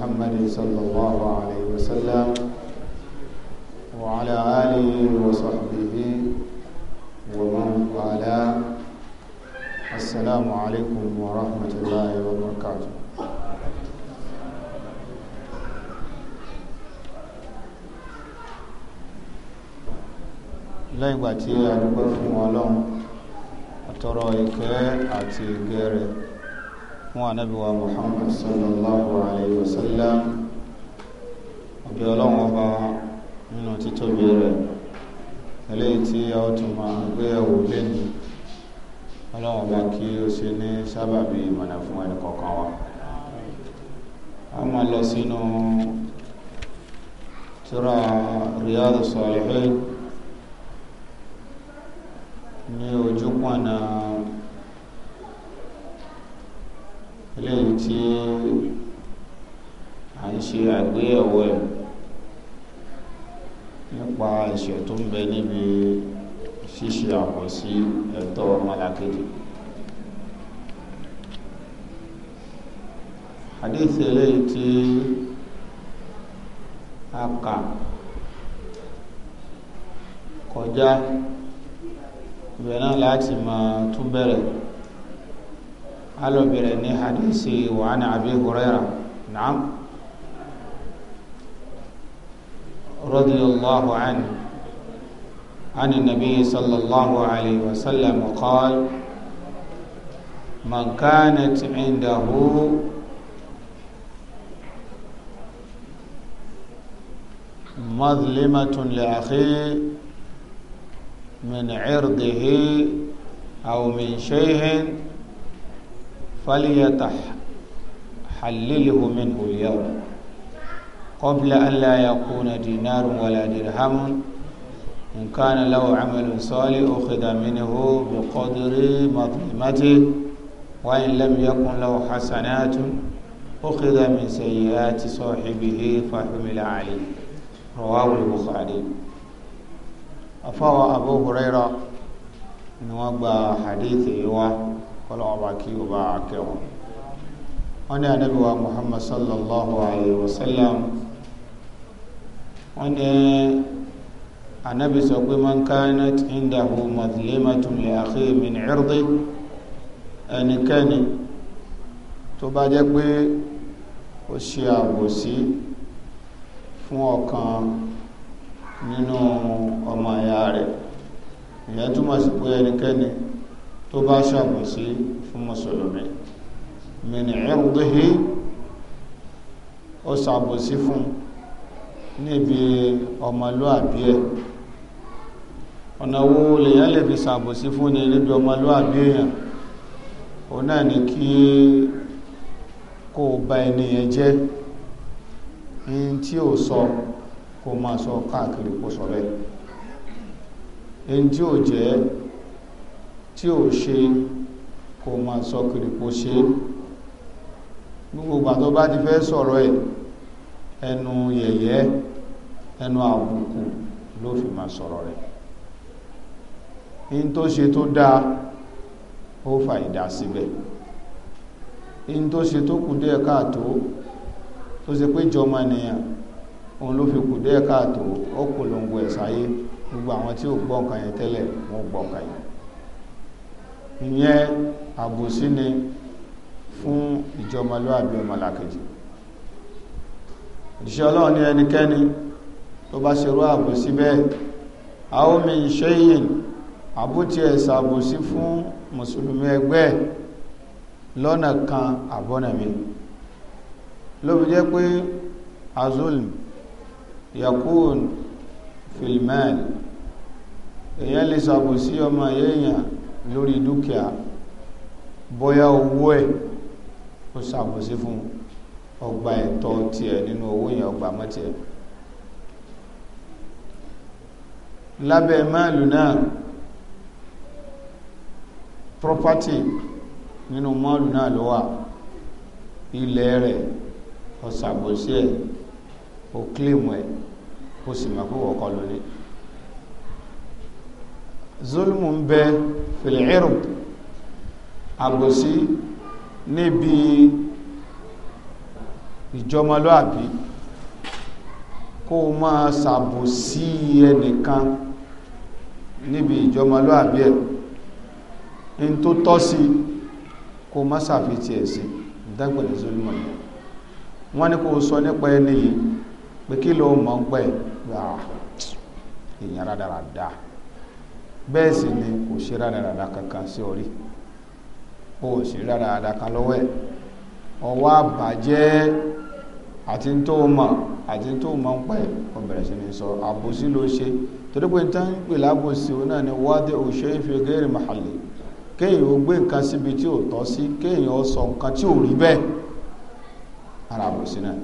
محمد صلى الله عليه وسلم وعلى آله وصحبه ومن والاه السلام عليكم ورحمة الله وبركاته lẹ́yìn ìgbà tí a dúpẹ́ fún Ọlọ́run àtọrọ ìkẹ́ àti ìgẹ́ rẹ̀ fún anábíwá Muhammad sallallahu alayhi wa sallam ọbẹ̀ ọlọ́run ọba nínú títóbi rẹ̀ eléyìí tí a ó tún máa gbé ẹ̀wò lẹ́nu ọlọ́run ọba kí ó ṣe ní sábàbí ìmọ̀nà fún ẹnì kọ̀ọ̀kan wa a máa lọ sínú tíra Riyadus Salihin ní ojú pọ̀nà ń bẹ níbi ṣíṣe àkọsí ẹ̀tọ́ ọmọlàkejì hadith eléyìí tí a kà kọjá ibẹ̀ náà láti máa tún bẹ̀rẹ̀ a lọ bẹ̀rẹ̀ ní hadisi wa ní Abi Hurairah na'am radiyallahu عن النبي صلى الله عليه وسلم قال من كانت عنده مظلمة لأخيه من عرضه أو من شيء فليتحلله منه اليوم قبل أن لا يكون دينار ولا درهم إن كان له عمل صالح أخذ منه بقدر مظلمته وإن لم يكن له حسنات أخذ من سيئات صاحبه فحمل عليه رواه البخاري أفوى أبو هريرة إن وقع حديثه قال أباكي وباكي أنا نبي محمد صلى الله عليه وسلم أنا anabi sọ pé man kanat indahu madhlimatun li akhihi min irdi ẹnikẹ́ni tó bá jẹ́ pé ó ṣe àbòsí fún ọ̀kan nínú ọmọ ìyá rẹ̀ ìyẹn túmọ̀ sí pé ẹnikẹ́ni tó bá ṣàbòsí fún mùsùlùmí min irdihi ó ṣàbòsí fún níbi ọmọlúàbí ẹ̀ ọ̀nà wo lèyàn lè fi ṣàbòsí fún ni níbi ọmọlúwàbí èèyàn òun náà ni kí kó o ba ènìyàn jẹ́ ní tí ò sọ kó máa sọ káàkiri kó sọ bẹ́ẹ̀ èyí tí ò jẹ́ tí ò ṣe kó máa sọ kiri ṣe gbogbo ìgbà bá ti fẹ́ sọ̀rọ̀ ẹ̀ ẹnu yẹ̀yẹ́ ẹnu àbùkù ló fi máa sọ̀rọ̀ rẹ̀ in tó ṣe tó dáa ó fa ìdá síbẹ̀ in tó ṣe tó kù díẹ̀ káàtó tó ṣe pé jọmọ nìyàn òun ló fi kù díẹ̀ káàtó ó kò lóńgbò ẹ̀ sáyé gbogbo àwọn tí ò gbọ́ nǹkan yẹn tẹ́lẹ̀ wọ́n gbọ́ nǹkan yẹn ìyẹn àbòsí ni fún ìjọmọlúwàbí ọmọlàkejì òṣìṣẹ́ ọlọ́run ní ẹnikẹ́ni tó bá ṣerú àbòsí bẹ́ẹ̀ àwọn omi ìṣẹ́yìn àbútí ẹ̀ ṣàbòsí fún mùsùlùmí ẹgbẹ́ lọ́nà kan àbọ́nà mi ló fi jẹ́ pé azulm yakun filman èyàn lè ṣàbòsí ọmọ èèyàn lórí dúkìá bóyá owó ẹ̀ ó ṣàbòsí fún ọgbà ẹ̀tọ́ tiẹ̀ nínú owó yẹn ọgbà mọ́tiẹ̀ lábẹ́ máàlù náà property nínú mọ́ọ̀lù náà ló wà ilẹ̀ rẹ̀ ọ̀sàgbòsí ẹ̀ ó kílèmù ẹ̀ ó sì mọ̀ pé wọ́kọ́ ló ní zulmu ń bẹ fìlìírù àgbòsí níbi ìjọmọlúàbí kó o máa ṣàbòsí ẹnìkan níbi ìjọmọlúàbí ẹ̀ in tó tọ́ sí kó má sàfitì ẹ̀ sí ìdágbẹ̀rẹ̀ zulmọ̀ ni wọ́n ní kó sọ nípa ẹni yìí pé kí ló mọ̀ ń pẹ́ gbàá èèyàn rádaràda bẹ́ẹ̀ sì ni kò ṣe rádaràda kankan sí orí o sí rádaràda kan lọ́wọ́ ẹ̀ ọwọ́ àbàjẹ́ àti tó mọ̀ àti tó mọ̀ ń pẹ́ ọ bẹ̀rẹ̀ sí ni sọ àbòsí ló ṣe torí pé tán ń pè lábòsí òun náà ni wádìí kéèyàn ó gbé nǹkan síbi tí ò tọ́ sí kéèyàn ó sọ nǹkan tí ò rí bẹ́ẹ̀ ara bò sí náà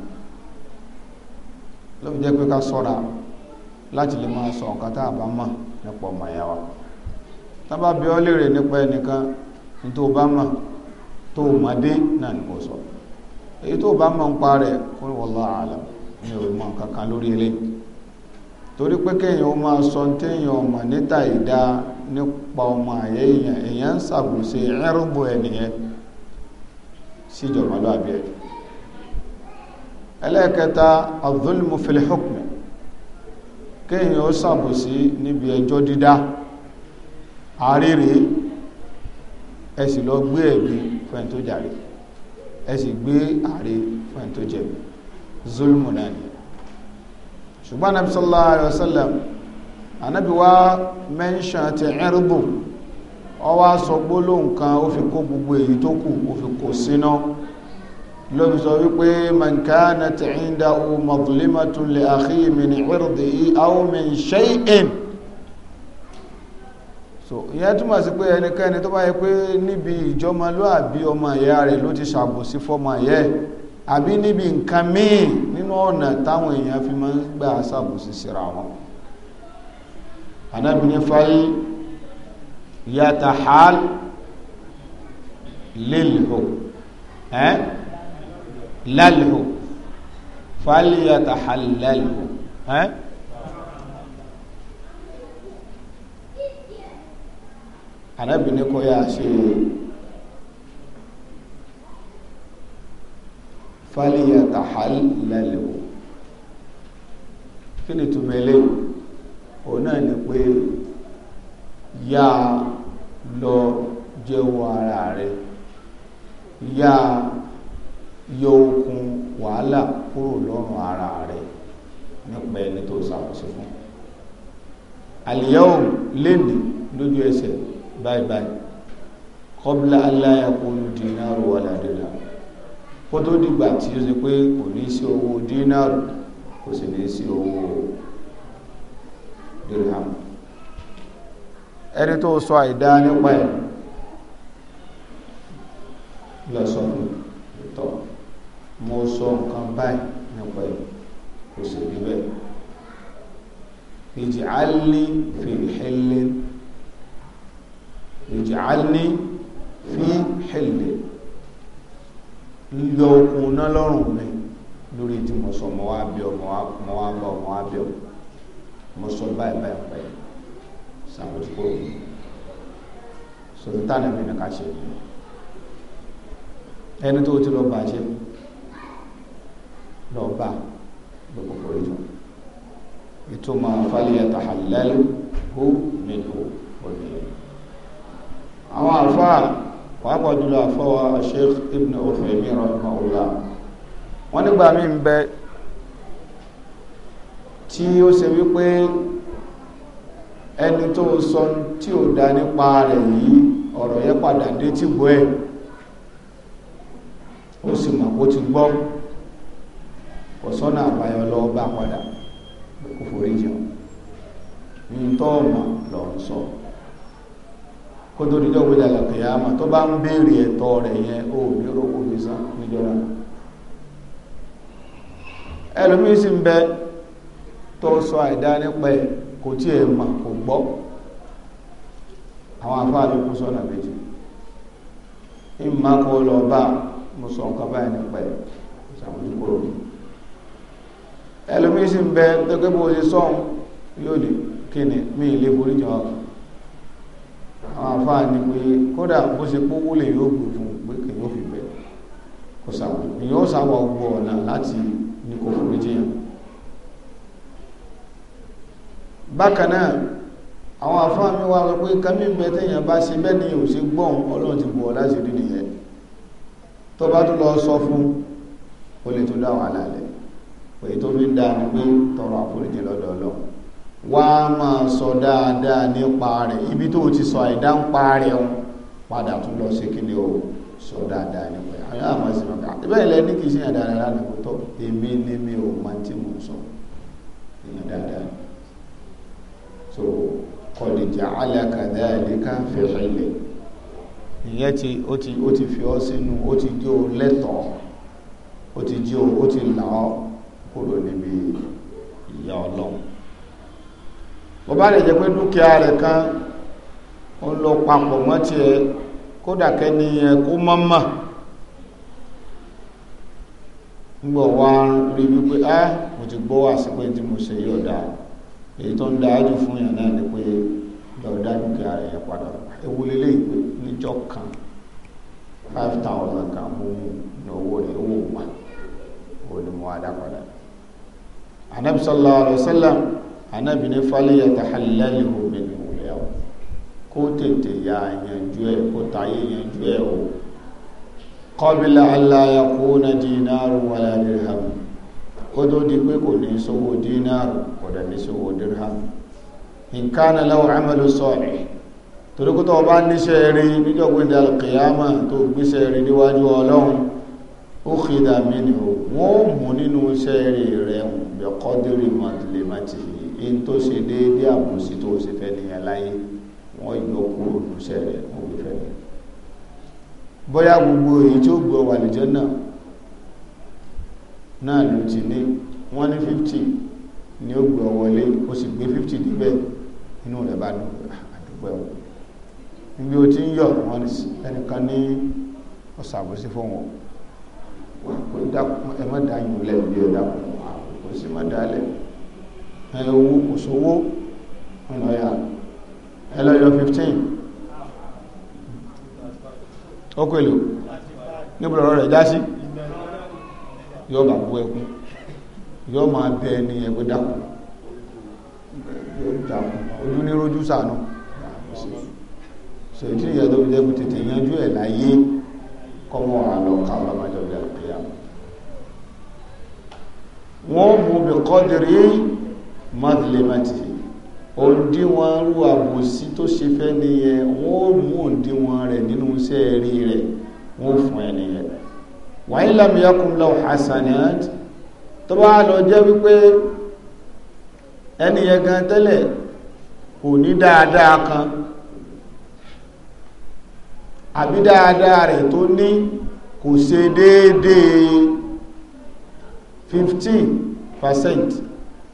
ló fi jẹ́ pé ká láti lè máa sọ nǹkan tá a bá mọ̀ nípa ọmọ wa bi ọ́ léèrè nípa ẹnìkan ní tó bá mọ̀ tó mọ̀ dé náà ní kò sọ èyí tó bá mọ̀ ń pa rẹ̀ kó wallahu alam ní òwe mọ̀ kankan lórí eléyìí torí pé kéèyàn ó máa nípa ọmọ àyè èèyàn èèyàn ń ṣàbùsẹ̀ ẹrùbù ẹnìyẹn síjọba lóàbí ẹ ẹlẹ́ẹ̀kẹta az-zulmu fil hukm kéèyàn ó ṣàbùsí níbi ẹjọ́ dídá àárèrè ẹ sì lọ gbé ẹ̀bi fẹ́ni tó jàre ẹ sì gbé àárè fẹ́ni tó jẹ̀bi zulmu náà ni ṣùgbọ́n Nabi sallallahu alaihi wasallam anabi wa mẹ́ńṣán ti ẹ̀rùbù ọ wá sọ gbólóhùn kan ó fi kó gbogbo èyí tó kù ó fi kó síná ló fi sọ wípé man kanat indahu mazlimatun li akhihi min irdihi aw min shay'in so ìyẹn túmọ̀ sí pé ẹnikẹ́ni tó bá yẹ pé níbi ìjọmọlúàbí ọmọ ìyá rẹ̀ ló ti ṣàbòsí fọmọ ìyá ẹ̀ àbí níbi nǹkan míì nínú ọ̀nà táwọn èèyàn fi máa ń gbà ṣàbòsí síra wọn anabi ní fal yatahal lilhu ẹ́ lalhu fal yatahal lalhu ẹ́ anabi ní kó yá ṣe fal yatahal lalhu kí ni túnmọ̀ òun náà ni pé yá lọ jẹ́wọ́ ara rẹ̀ yá yọ okun wàhálà kúrò lọ́rùn ara rẹ̀ nípa ẹni tó ṣàkóso fún àlìyáwó lẹ́nìí lójú ẹsẹ̀ báyìí báyìí kọ́bílá aláyàkúrú dínárù wà ládìlá kó tó dìgbà tí ó ṣe pé kò ní sí owó dínárù kò sì ní sí owó dirham ẹni tó sọ àìdá nípa ẹ̀ lọ́sọ̀ tọ́ mo sọ nǹkan báyìí nípa ẹ̀ kò sì rí bẹ́ẹ̀ ìjìálì fi hẹ́lẹ́ ìjìálì fi hẹ́lẹ́ lílọ okùn náà lọ́rùn mi lórí tí mo sọ mọ́ wá bí ọ mọ́ wá bọ̀ mọ́ wá bẹ̀ ọ́ mo sọ báyìí báyìí báyìí sàmójú kó sọ̀rọ̀ tá nàbí nìka ṣe ẹni tó ti lọ bá ṣe lọ bá gbogbo kórè jọ ìtumọ̀ fàlẹ́ tàhálẹ́lì hó nínú òní àwọn àlfáà pàápàá jùlọ àfọwọ́ Sheikh Ibn Uthaymeen rahimahullah wọ́n nígbà mí ń bẹ́ẹ̀ tí ó ṣe wípé ẹni tó sọ tí ò dá nípa rẹ̀ yìí ọ̀rọ̀ yẹn padà dé tí bọ́ ẹ̀ ó sì mọ̀ kó ti gbọ́ kò sọ́nà àbáyọ lọ́ọ́ bá padà kò forí jẹun ní tọ́ọ̀mà lọ́rùn sọ kó tó dídọ́ gbé dàgbà kìyàmà tó bá ń béèrè ẹ̀tọ́ rẹ̀ yẹn ó ní orókùn fi sán níjọra ẹlòmíín sì ń bẹ tó sọ àìdá nípa kò tí ẹ̀ mà kò gbọ́ àwọn afáà ló kú sọ́nà méjì lọ bá mo sọ nǹkan báyìí nípa ẹ̀ ṣàmójúkúrò ẹlòmíín ń bẹ tẹ́gbẹ́ bó ṣe sọ́hun yóò ní kí ni mí borí jọ àwọn afáà ni pé kódà bó ṣe yóò gbé fún pé kì yóò fi kò bákan náà àwọn àfáà mi wá sọ pé nǹkan mí bá ṣe bẹ́ẹ̀ ni ò ṣe gbọ́n ọlọ́run ti bọ̀ láti rí nìyẹn tó bá tó lọ sọ fún ó lè tó dá wàhálà èyí tó fi ń dáa ni pé tọrọ àforíjì lọ́dọ̀ ọlọ́run wá máa sọ dáadáa nípa rẹ̀ ibi tó ti sọ àìdá ń pa rẹ̀ wọn padà tún lọ sí kílé o sọ dáadáa nípa rẹ̀ àwọn àmọ́ sí màkà bẹ́ẹ̀ lẹ́ni kì í ṣe yàn dáadáa lánàá kó èmi ni mi ò máa ti mọ̀ sọ èèyàn dáadáa so kọ̀dìjà alákàdá àlékà fẹ̀rẹ̀ ilẹ̀ ìyẹn ti o ti ó ti fi ọ sínú ó ti jẹ́ o lẹ́tọ̀ọ́ ó ti jẹ́ o ó ti là kúrò níbi ìyá ọlọ́run bó lè jẹ́ pé dúkìá rẹ̀ kan ó lọ papọ̀ mọ́ kódà yẹn kó wá rí wípé èyí tó ń da ájù fún yàn náà ni pé lọ́ọ̀dá dúkìá rẹ̀ yẹn padà ewu lélẹ̀ ìpè níjọ́ kan five thousand kan mú ní owó rẹ̀ owó wà ó ní mo adá padà anabi sallallahu alayhi anabi ní falẹ̀ yẹn tahallali omi ní wòlẹ́ o kó tètè ya yanjú ẹ kó tayé yanjú ẹ o qabla alla yakuna dinaru wala dirham kó tó di pé kò ní sówó dínárù kò dẹ̀ ní sówó dirham nǹkan aláwọ̀ amẹ́lú sọ́ọ̀lẹ̀ toríkútọ̀ ọba níṣẹ́ rí níjọ̀gbìndà alkiyama tó gbíṣẹ́ rí níwájú ọlọ́run ó kìdà mí ni ó wọ́n mú nínú iṣẹ́ rí rẹ̀ bẹ̀kọ́dìrì mọ̀tìlẹ̀mọ̀tì in tó ṣe déédé àbòsí tó ṣe fẹ́ nìyẹn láyé wọ́n yọ kúrò níṣẹ́ rẹ̀ wọ́n fẹ́ bóyá gbogbo èyí tí gbọ́ wà lìjẹ́ náà náà ló ti ní wọ́n ní fifty ni ó gbé wọlé ó sì gbé fifty níbẹ̀ inú rẹ̀ bá dùn àdúgbò ah, ẹ̀wọ̀n níbi ó ti ń yọ̀ wọ́n ní ẹnìkan ní ọ̀sàbòsí fún wọn ẹ má dá yín lẹ́nu bí ọ̀dà kò sí má dá lẹ́nu ẹ owó kò sówó ọ̀nà ọ̀yà ẹ lọ́yọ̀ fifteen ó pèlò níbo lọ́rọ̀ rẹ̀ já sí yóò bá bú ẹkún yóò máa bẹ ẹni ẹgbẹ́ dàkú ojú ní rojú sànú so ìdí ìyá tó fi jẹ́ tètè yanjú ẹ̀ láyé kọ́mọ àlọ́ káwọn ọmọdé ọ̀dẹ́ àpẹyà wọ́n mú bí kọ́dìrí mọ́tìlẹ́mẹ́tì òǹdíwọ̀n rú àbòsí tó ṣe fẹ́ nìyẹn wọ́n mú òǹdíwọ̀n rẹ̀ nínú iṣẹ́ rí rẹ̀ wọ́n fún ẹ nìyẹn wa in lam yakun lahu hasanat tó bá lọ jẹ́ wípé ẹni yẹn gan tẹ́lẹ̀ kò ní dáadáa kan àbí dáadáa rẹ̀ tó ní kò ṣe déédéé 15 percent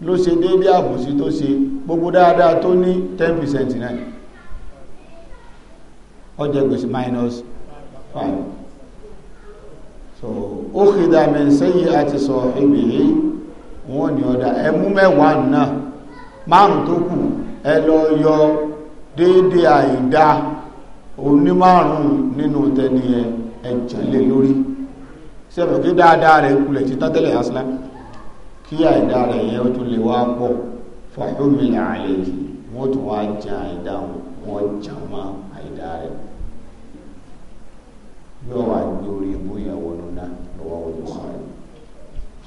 ló ṣe déédé àbòsí tó ṣe gbogbo dáadáa tó ní 10% náà ọjọ́ gbèsè minus 5 so ó kéde àmì sẹ́yìn àti sọ ebè yìí wọ́n ní ọ̀dà ẹmú mẹ́wàá náà márùn tó kù ẹ lọ yọ déédéé àìdá oní márùn nínú tẹni ẹ ẹ̀jẹ̀ lé lórí sẹ́fẹ̀ kí dáadáa rẹ̀ kulẹ̀ ti tọ́tẹ́lẹ̀ aslam kí àìdá rẹ̀ yẹ ó tún lè wá pọ̀ fọ́húnmìlà àlè wọ́n tún wá jẹ àìdá wọn jẹ mọ́ àìdá rẹ̀ kù yóò wá gbé orí ibú yẹn lọ́wọ́ wọlé sáré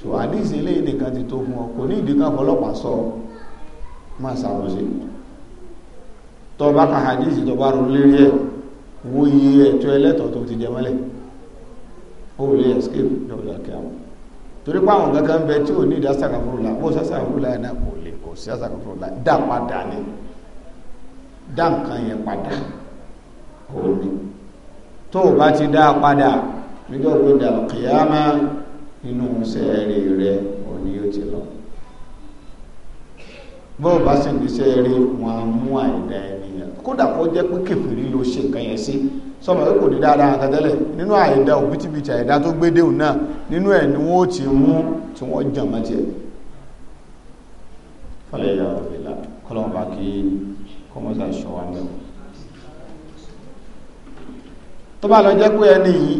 so àdìsí ilé nìkan ti tó fún ọ kò ní ìdíkà fọlọ́pàá sọ má ṣàròsí tọba ka àdìsí tọba ro lérí ẹ wo iye ẹ̀tọ́ ẹlẹ́tọ̀ tó ti jẹ mọ́lẹ̀ ó lè escape lọ́wọ́dà kẹwọn torí pa àwọn kankan bẹ tí ò ní ìdí asàkàfúrúlà bó sàkàfúrúlà yẹn kò lè kò sí asàkàfúrúlà dá padà ni dá nǹkan yẹn padà ó ní tó o bá ti dá a padà níjọ́ gbọ́dọ̀ kìyàmá inú sẹ́ẹ̀rì rẹ òní ó ti lọ bọ́ọ̀ bá sì ní sẹ́ẹ̀rì wọn mú àìdá ènìyàn kódà kó jẹ́ pé kẹfìrí ló ṣe nǹkan yẹn sí sọmọ pé kò ní dáadáa kan tẹ́lẹ̀ nínú àìdá òbítíbitì àìdá tó gbé náà nínú ẹ̀ ni wọ́n ti mú tí wọ́n jàn mọ́ tiẹ̀ fọlẹ́ ìyá òbí la kọ́lọ́mọba kí kọ́mọ́sà ṣọwọ́ mẹ́wàá tó bá lọ jẹ́ pé ẹni yìí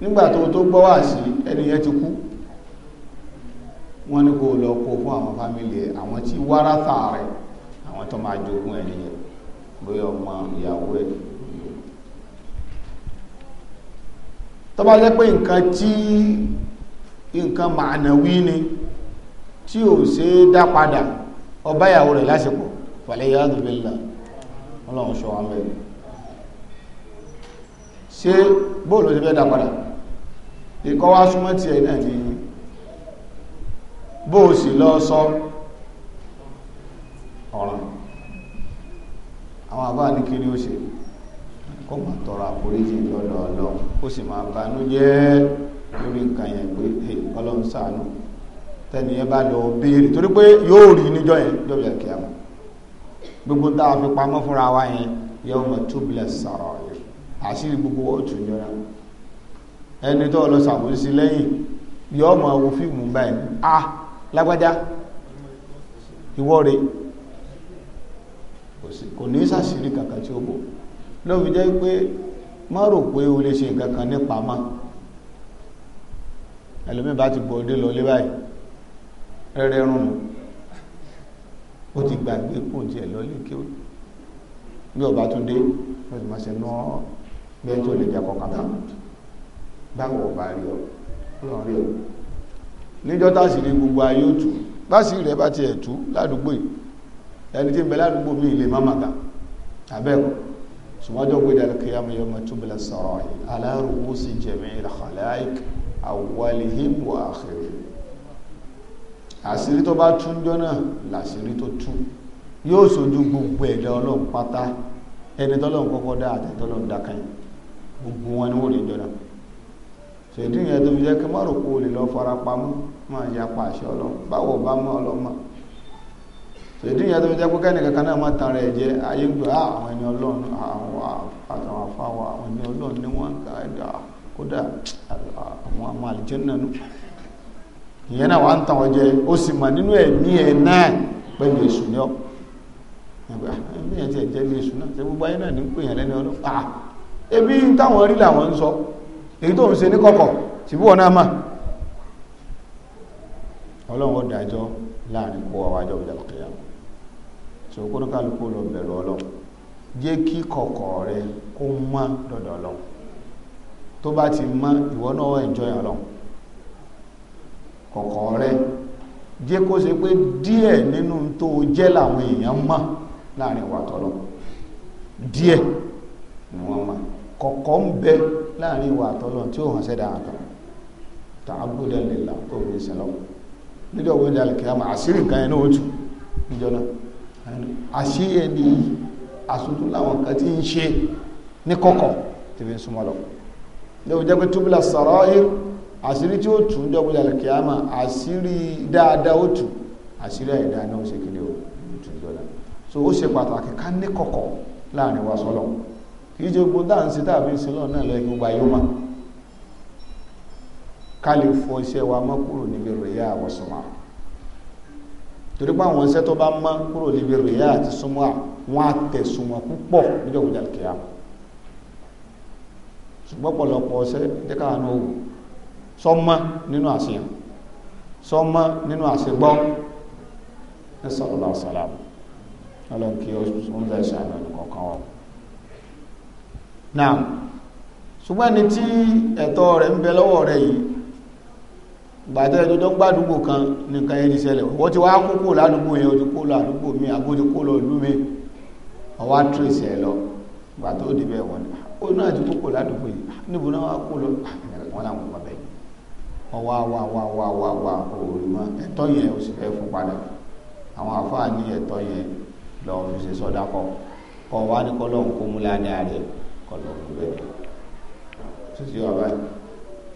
nígbà tó tó gbọ́ wà sí ẹni yẹn ti kú wọ́n ní kó lọ kó fún àwọn fámìlì ẹ̀ àwọn tí wáráta rẹ̀ àwọn tó máa jogún ẹni yẹn bóyá ọmọ ìyàwó ẹ̀ tó bá jẹ́ pé nǹkan tí nǹkan màánàwí ni tí ò ṣe é dá padà ọba ìyàwó rẹ̀ lásìkò wàlẹ́ yàrá dùbẹ́lá ọlọ́run ṣọ́ wa mẹ́rin ṣé bóòlù ti fẹ́ dá padà ìkọ́ wá súnmọ́ tí ẹ̀ náà ni bóò sì lọ sọ ọ̀ràn àwọn àbá ní kí ni ó ṣe kó mà tọrọ àforíjì lọ́dọ̀ ọlọ́run ó sì máa banú jẹ́ lórí nǹkan yẹn pé ọlọ́run ṣàánú tẹ́ni yẹn bá lọ béèrè torí pé yóò rí níjọ́ yẹn jọ́bìlẹ̀ kíámù gbogbo tá a fi pamọ́ fúnra wa yẹn yawma tubla sarai àṣírí gbogbo wọ́ọ̀tù ìjọra ẹni tó lọ sàbòsí lẹ́yìn yọ ọmọ àwọn fíìmù báyìí a lágbájá ìwọ rẹ kò ní sàṣírí kankan tí ó bò ló fi jẹ́ pé má rò pé o lè ṣe nǹkan kan nípa mọ́ ẹlòmíì bá ti bọ̀ dé lọ lé báyìí rẹ́rẹ́ ó ti gbàgbé kò tiẹ̀ lọ lé kí ó bí ọba tún dé wọ́n ti máa ṣe náà bẹ́ẹ̀ tó lè jakọ kàtà báwo ọba rí ọ lọ rí ọ níjọ́ tá sì rí gbogbo ayé òtù bá sì rẹ̀ bá ti ẹ̀tú ládùúgbò yìí ẹni tí ń bẹ ládùúgbò mi lè má màkà abẹ́kọ̀ sùmọ́jọ́ gbé dàlẹ́ kí yàmú yọmọ túbìlẹ̀ sọ̀rọ̀ yìí aláàrùwò sí jẹ̀mí ìlàkàlẹ́ àwọlìhìm wà àkèrè àṣírí tó bá tún jọ náà làṣírí tó tún yóò sojú gbogbo ẹ̀dá ọlọ́run pátá ẹni tọ́lọ́run kọ́kọ́ dá àtẹ̀tọ́lọ́run dákàyìn gbogbo wọn ni wọ́n rí jọ̀nà ṣèdí yẹn tó fi jẹ́ kí mọ́rò kó lè lọ fara pamọ́ máa ya pa àṣẹ ọlọ́run báwo bá mọ́ ọlọ́mọ ṣèdí yẹn tó fi jẹ́ pé kẹ́ni kankan náà má tan rẹ̀ jẹ́ ayé ń gbé ah, àwọn ẹni ọlọ́run ah, àwọn àtàwọn afáwọ àwọn ẹni ọlọ́run ni wọ́n ń ka ẹ̀dá ah, kódà àwọn àmọ́ àlìjẹ́ náà nù ìyẹn náà wà ń tàn ọ́ jẹ ó sì mà nínú ẹ̀mí ẹ̀ náà pẹ̀lú èṣù ni ọ́ ẹ̀mí ẹ̀ tiẹ̀ jẹ́ bí èṣù náà ṣe gbogbo ayé náà ní pè yàn lẹ́ni ọlọ́run ebi táwọn rí làwọn ń sọ èyí tó ń ṣe ní kọ̀kọ̀ tìbúwọ̀ náà mà ọlọ́run ó dájọ́ láàrin kó àwájọ́ ìjàlùkìyà tí ó kónú kálukú lọ bẹ̀rù ọlọ́run jẹ́ kí kọ̀kọ̀ rẹ kó mọ́ dọ̀dọ̀ ọlọ́run tó bá ti mọ́ ìwọ náà enjoy ọlọ́run kọ̀kọ̀ rẹ jẹ́ kó ṣe pé díẹ̀ nínú tó jẹ́ làwọn èèyàn mọ̀ láàrin ìwà tọ́lọ́ díẹ̀ ni wọ́n mọ̀ kọ̀kọ́ ń bẹ láàrin ìwà àtọ́lọ́ tí ó hàn sẹ́dá àtọ́ ta agbódà lèlà òun ìsẹ̀lọ́ níjọ́ wo ní alìkìyàmà àṣírí nǹkan ẹni ó tù níjọ́ náà àṣí ẹni àṣùtú láwọn nǹkan tí ń ṣe ní kọ̀kọ̀ tí fi ń súnmọ́ lọ lẹ́wọ̀ jẹ́ pé túbúlà sọ̀rọ̀ àṣírí tí ó tù níjọ́ wo ní alìkìyàmà àṣírí dáadáa ó tù àṣírí àìdáa náà ṣe kéde ó tù níjọ́ so ó ṣe pàtàkì ká ní kọ̀kọ̀ láàrin wa sọ́lọ́ọ̀ kìí ṣe gbogbo dáǹsì tàbí ìsinlọ náà lẹ́yìn gbogbo ayé mà ká lè fọ iṣẹ́ wa mọ́ kúrò níbi rèé àwọ̀sùnmá torí pé àwọn iṣẹ́ tó bá mọ́ kúrò níbi rèé àti súnmọ́ wọn á tẹ̀sùnmọ́ púpọ̀ níjọ́ ìjà kìá ṣùgbọ́n pọ̀lọpọ̀ ọṣẹ́ jẹ́ káwọn náà wò sọmọ nínú àṣeyàn sọmọ nínú àṣegbọ́ ẹ sọ̀rọ̀ lọ́sọ̀lá ọlọ́run kí ó ń bẹ̀ ṣàlọ́ nìkan kan wọ̀. Na, ṣùgbọ́n ẹni tí ẹ̀tọ́ rẹ̀ ń bẹ lọ́wọ́ rẹ̀ yìí gbàtẹ́ ẹjọ́jọ́ gbádùgbò kan nìkan ẹni ṣẹlẹ̀ wọ́n ti wá kókó ládùgbò yẹn ojú kó ládùgbò mi kó lọ ìlú mi ọwá lọ gbàtọ́ òdìbẹ̀ wọn ó ah, náà ti ládùgbò yìí ah, níbo náà kó lọ wọn làwọn ọmọ ọwá yẹn sì fẹ́ fún padà àwọn àfáà ní yẹn kọlọ kú bẹ sísè wà báyìí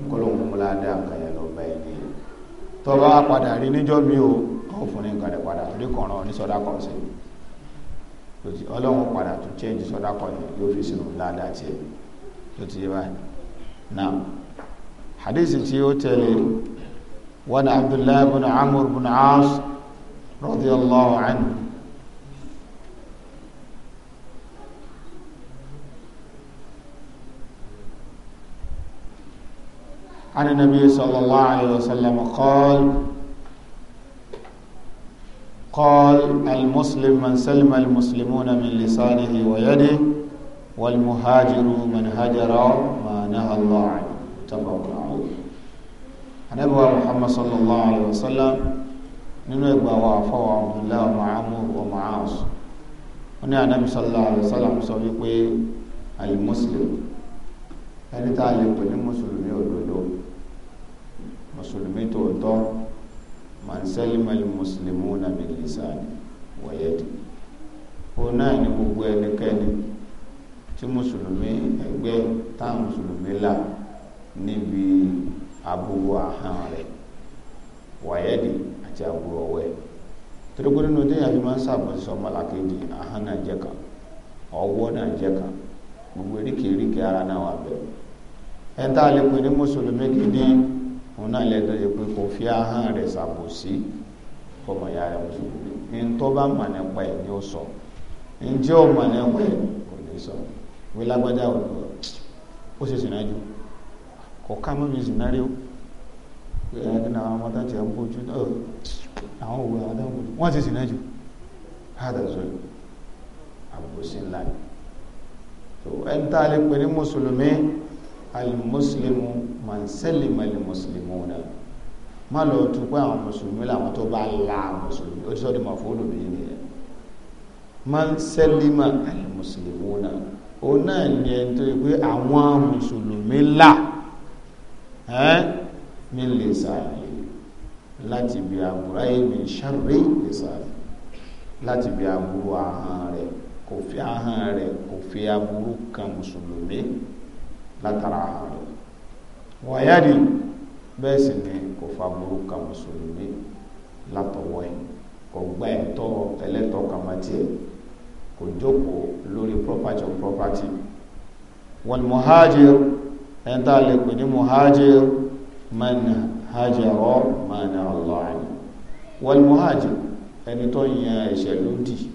nkọlọ ń kúmọ ládàá nǹkan yẹn lọ bá ẹni tọba padà rí níjọ mi o kọ́ fún ní nǹkan rẹ̀ padà torí kọ̀ọ̀ràn onísọdá kan sí i ọlọ́run padà tún change sọdá kan yẹn yóò fi sínú ládàá tiẹ̀ tó ti yé báyìí náà hadith tí ó tẹ̀lé wọn bin amur bin as radiyallahu anhu. عن النبي صلى الله عليه وسلم قال قال المسلم من سلم المسلمون من لسانه ويده والمهاجر من هجر ما نهى الله عنه متفق عليه anabiwa muhammad sallallahu alayhi wa sallam nínú ẹgbà wa afọwọ abdullahi wa ma'amu wa ma'as wọn ní anabi sallallahu alayhi wa sallam sọ wípé alimuslim ẹni tá a lè pè ní mùsùlùmí òdodo mùsùlùmí tòótọ́ mansalimali mùsùlùmí nàbí lisani wọ̀yẹ́dì òun náà ni gbogbo ẹnikẹ́ni tí mùsùlùmí ẹgbẹ́ táwọn mùsùlùmí là níbi aburú ahọ́n rẹ̀ wọ̀yẹ́dì àti aburú ọwẹ́ torípé nínú tí yàrá máa ń sàbòsí ọmọ làkejì ahọ́n náà jẹ́ kan ọwọ́ náà jẹ́ kan gbogbo eríkèéríkèé ara náà wà bẹ̀rẹ̀ ẹ̀ ń lè pè ní mùsùlùmí kìíní òun náà lẹ́tọ́ yẹ pé kò fi ahọ́n rẹ̀ ṣàbòsí fọmọ ìyá rẹ̀ mùsùlùmí ní tó bá mọ̀ nípa ẹ̀ ni ó sọ ní tí ó mọ̀ nípa ẹ̀ kò lè sọ wí lágbájá ò lọ ó ṣe sìnájú kò ká mọ́ mi sìnárí ó pé ẹni náà àwọn ọmọdé ti ń bójú náà àwọn òwe àwọn dáhùn wọ́n ti sìnájú hádàzọ́ àbòsí ńlá ni ẹni tá a lè pè ní mùsùlùmí alimusilimu mansalima alimusilimu náà má lọ tún pé àwọn mùsùlùmí làwọn tó bá la mùsùlùmí ó ti sọ di màfó olùbíyí nìyẹn mansalima alimusilimu náà ó náà ní ẹni tó yẹ pé àwọn mùsùlùmí là ẹ́ mi lè sàlẹ̀ láti bí aburú ayé mi sáré lè sàlẹ̀ láti bí aburú ahọ́n rẹ̀ kò fi ahọ́n rẹ̀ kò fi aburú kan mùsùlùmí látara àhà rẹ̀ wàyáàdì bẹ́ẹ̀ sì ni kò fa burúkú mùsùlùmí látọwọ́ ẹ̀ kò gba ẹ̀tọ́ ẹlẹ́tọ́ kàmátì ẹ̀ kò jókòó lórí property of property wal muhajir ẹni tá a lè pè ní muhajir man hajara man Allah wal muhajir ẹni tó yan ẹ̀ṣẹ̀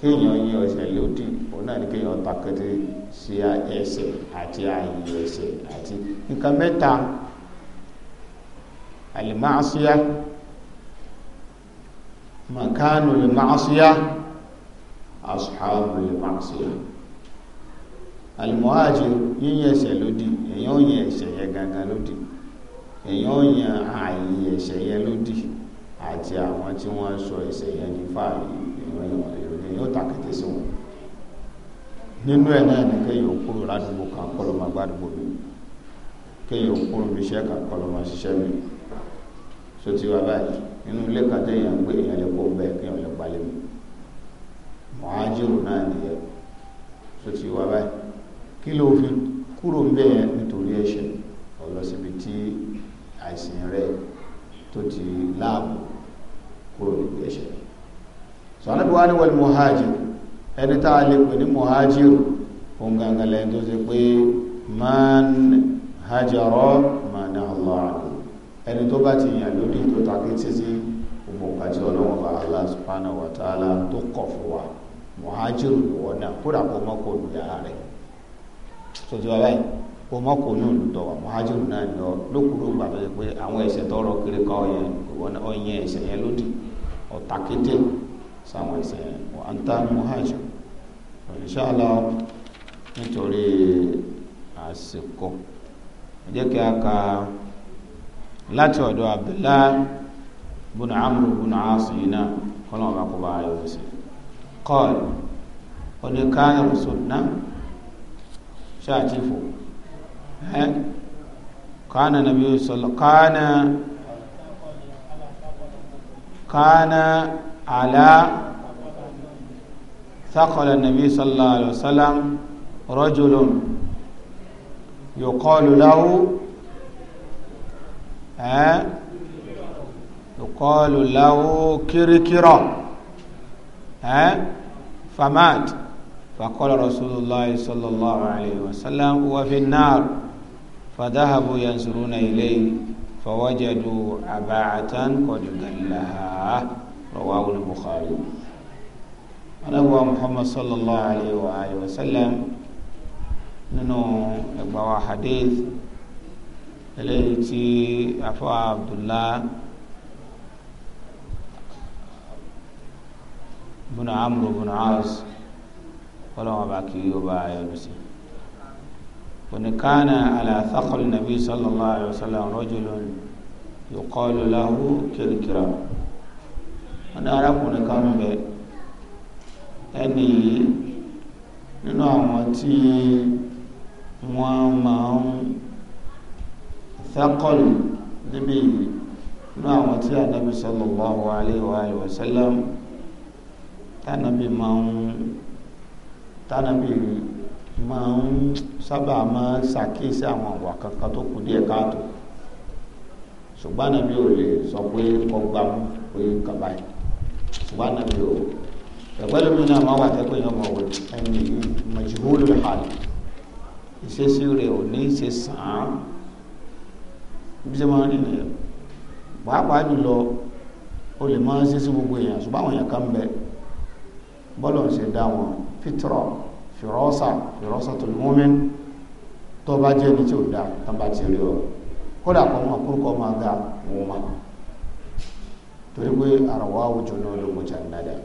kéèyàn yín ẹsẹ̀ lódì òun náà ni kéèyàn takété sí ẹsẹ̀ àti ààyè ẹsẹ̀ àti nǹkan mẹ́ta alimaasiya makanu limaasiya asuhabu limaasiya alimuhajir yíyan ẹsẹ̀ lódì èèyàn yíyan ẹsẹ̀ yẹn gangan lódì èèyàn yíyan ààyè ẹsẹ̀ yẹn lódì àti àwọn tí wọ́n sọ ẹsẹ̀ yẹn ní fáàlì èèyàn yíyan yóò tàkété sí wọn nínú ẹ̀ náà ni kéèyàn kúrò ládùúgbò kan kọlọ máa gbádùúgbò mi kéèyàn kúrò bí iṣẹ́ kan kọlọ máa ṣiṣẹ́ mi so ti wá báyìí nínú ilé kan téèyàn ń gbé èèyàn lè kó kéèyàn lè gbalẹ̀ mi mọ̀ájírò náà nìyẹn so ti báyìí kí ló fi kúrò ń bẹ́ẹ̀ nítorí ẹ̀ṣẹ̀ ọ̀lọ́ tí àìsàn rẹ̀ tó ti láàbò kúrò níbi ẹ̀ṣẹ̀ sọ̀nàbí wá ní wọ́n muhajir ẹni tá a lè pè ní muhajir òun gangan lẹ́yìn tó ṣe pé man hajara man Allah ẹni tó bá ti yàn lórí tó takí títí gbogbo àti ọlọ́wọ́n bá Allah subhanahu wa ta'ala tó kọ̀ fún wa muhajir lọ́wọ́ náà kódà kó mọ́ kó lù yàrá rẹ̀ sọ́jọ́ báyìí kó mọ́ kó lù wa muhajir náà lọ lókùnrin gbà tó ṣe pé àwọn ẹ̀ṣẹ̀ tọrọ kiri ká ọyàn ọyàn yẹn lódì ọ̀tàkété sáwọn ẹsẹ̀ wà á ń tá muhaj inshallah nítorí àsìkò ẹ jẹ́ kí a ka láti ọ̀dọ̀ abdullahi bùnà amúrú bùnà asìnà kọ́lọ́n bá kó bá a yọ̀ sí kọ́ọ̀lù ó káyọ̀ sùnà ṣáà ti fò ẹ́ كان النبي صلى كان كان على ثقل النبي صلى الله عليه وسلم رجل يقال له ها يقال له كركرة ها فمات فقال رسول الله صلى الله عليه وسلم هو في النار فذهبوا ينظرون إليه فوجدوا عباعة قد دلها rawahu al-bukhari anabuwa muhammad sallallahu alayhi wa alayhi wa sallam nínú ẹgbà wa hadith eléyìí tí afa abdullah bùnà amúrò bùnà áwòs kọlọ́wọ́n bá kì í yóò bá ayọ̀lù sí oníkànnà aláàtàkọ́lù nàbí sallallahu alayhi wa sallam rọ́jòlónì yóò kọ́ lólahu kìrìkìrà wọn ní arákùnrin kan ń bẹ ẹni yìí nínú àwọn tí wọ́n máa ń thaqalu níbí yìí nínú àwọn tí anabi sallallahu alayhi wa alayhi wa sallam tánàbí máa ń tánàbí máa ń sábà máa ń ṣàkíyèsí àwọn àwà kankan tó kù díẹ̀ káàtó ṣùgbọ́n anabi ò lè sọ pé kọ́ gbámú pé kàbáyìí ṣùgbọ́n àná mi ò ẹ̀gbẹ́lú mi náà máa wà tẹ́kọ̀ yẹn máa wò ẹni mọ̀jìhúlù hàlì ìṣesí rẹ̀ ò ní ṣe sàn án bí ṣe máa ń rìn nìyẹn pàápàá jùlọ o lè máa ń ṣe sí gbogbo èèyàn ṣùgbọ́n àwọn èèyàn kan bẹ bọ́lọ̀ ń ṣe dá wọn fitrọ fìrọ́sà fìrọ́sà tó lùmọ́mìn tó bá jẹ́ ní tí ò dá tó bá ti rí ọ kódà kọ́ ọmọ kúrúkọ máa ga wọ́n máa torí pé àrọ̀wá òjò náà ló mọ̀jà dáadáa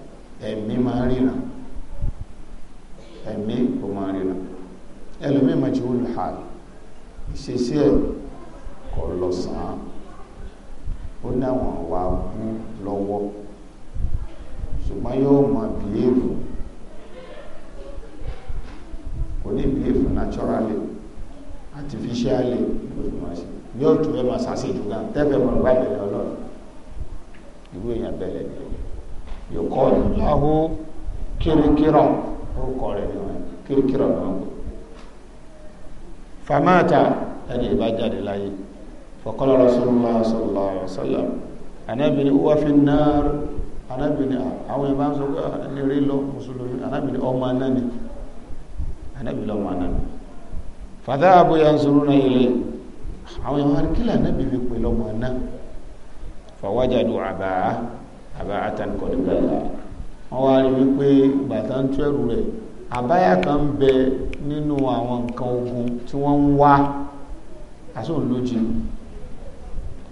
ẹ̀mí máa ń ríran ẹ̀mí kò máa ń ríran ẹlòmíì máa ti wúlò hàl ìṣesí ẹ̀ kò lọ sàn án ó ní àwọn àwa bú lọ́wọ́ ṣùgbọ́n yóò máa bìhéèvù kò ní bìhéèvù naturally artificially yóò tún ẹ máa ṣàṣejù gan tẹ́fẹ̀ẹ́ mọ̀ nípa ìbẹ̀rẹ̀ irú èèyàn bẹ̀rẹ̀ ni yòókọ́ láhó kirikirọ̀ orúkọ rẹ̀ ni wọn kirikirọ̀ ni wọn. famata ẹni ìbá jáde láyé fọkọlọ rasulullah sallallahu alaihi wa sallam anabini uwa fi naar anabini àwọn ìbá ń sọ pé ah, ẹni rí lọ mùsùlùmí anabini ọmọ náà anabini ọmọ náà ni fàdáàbò yansuruna ilé àwọn ìwà kílà anábì fi pè lọmọ fọwọ́jàdù àbá àbá àtànkọ̀dù gbàgbà wọ́n wá rí wípé bàtà ń tú kan ń nínú àwọn nǹkan ogun tí wọ́n ń wá àsóhùn lójì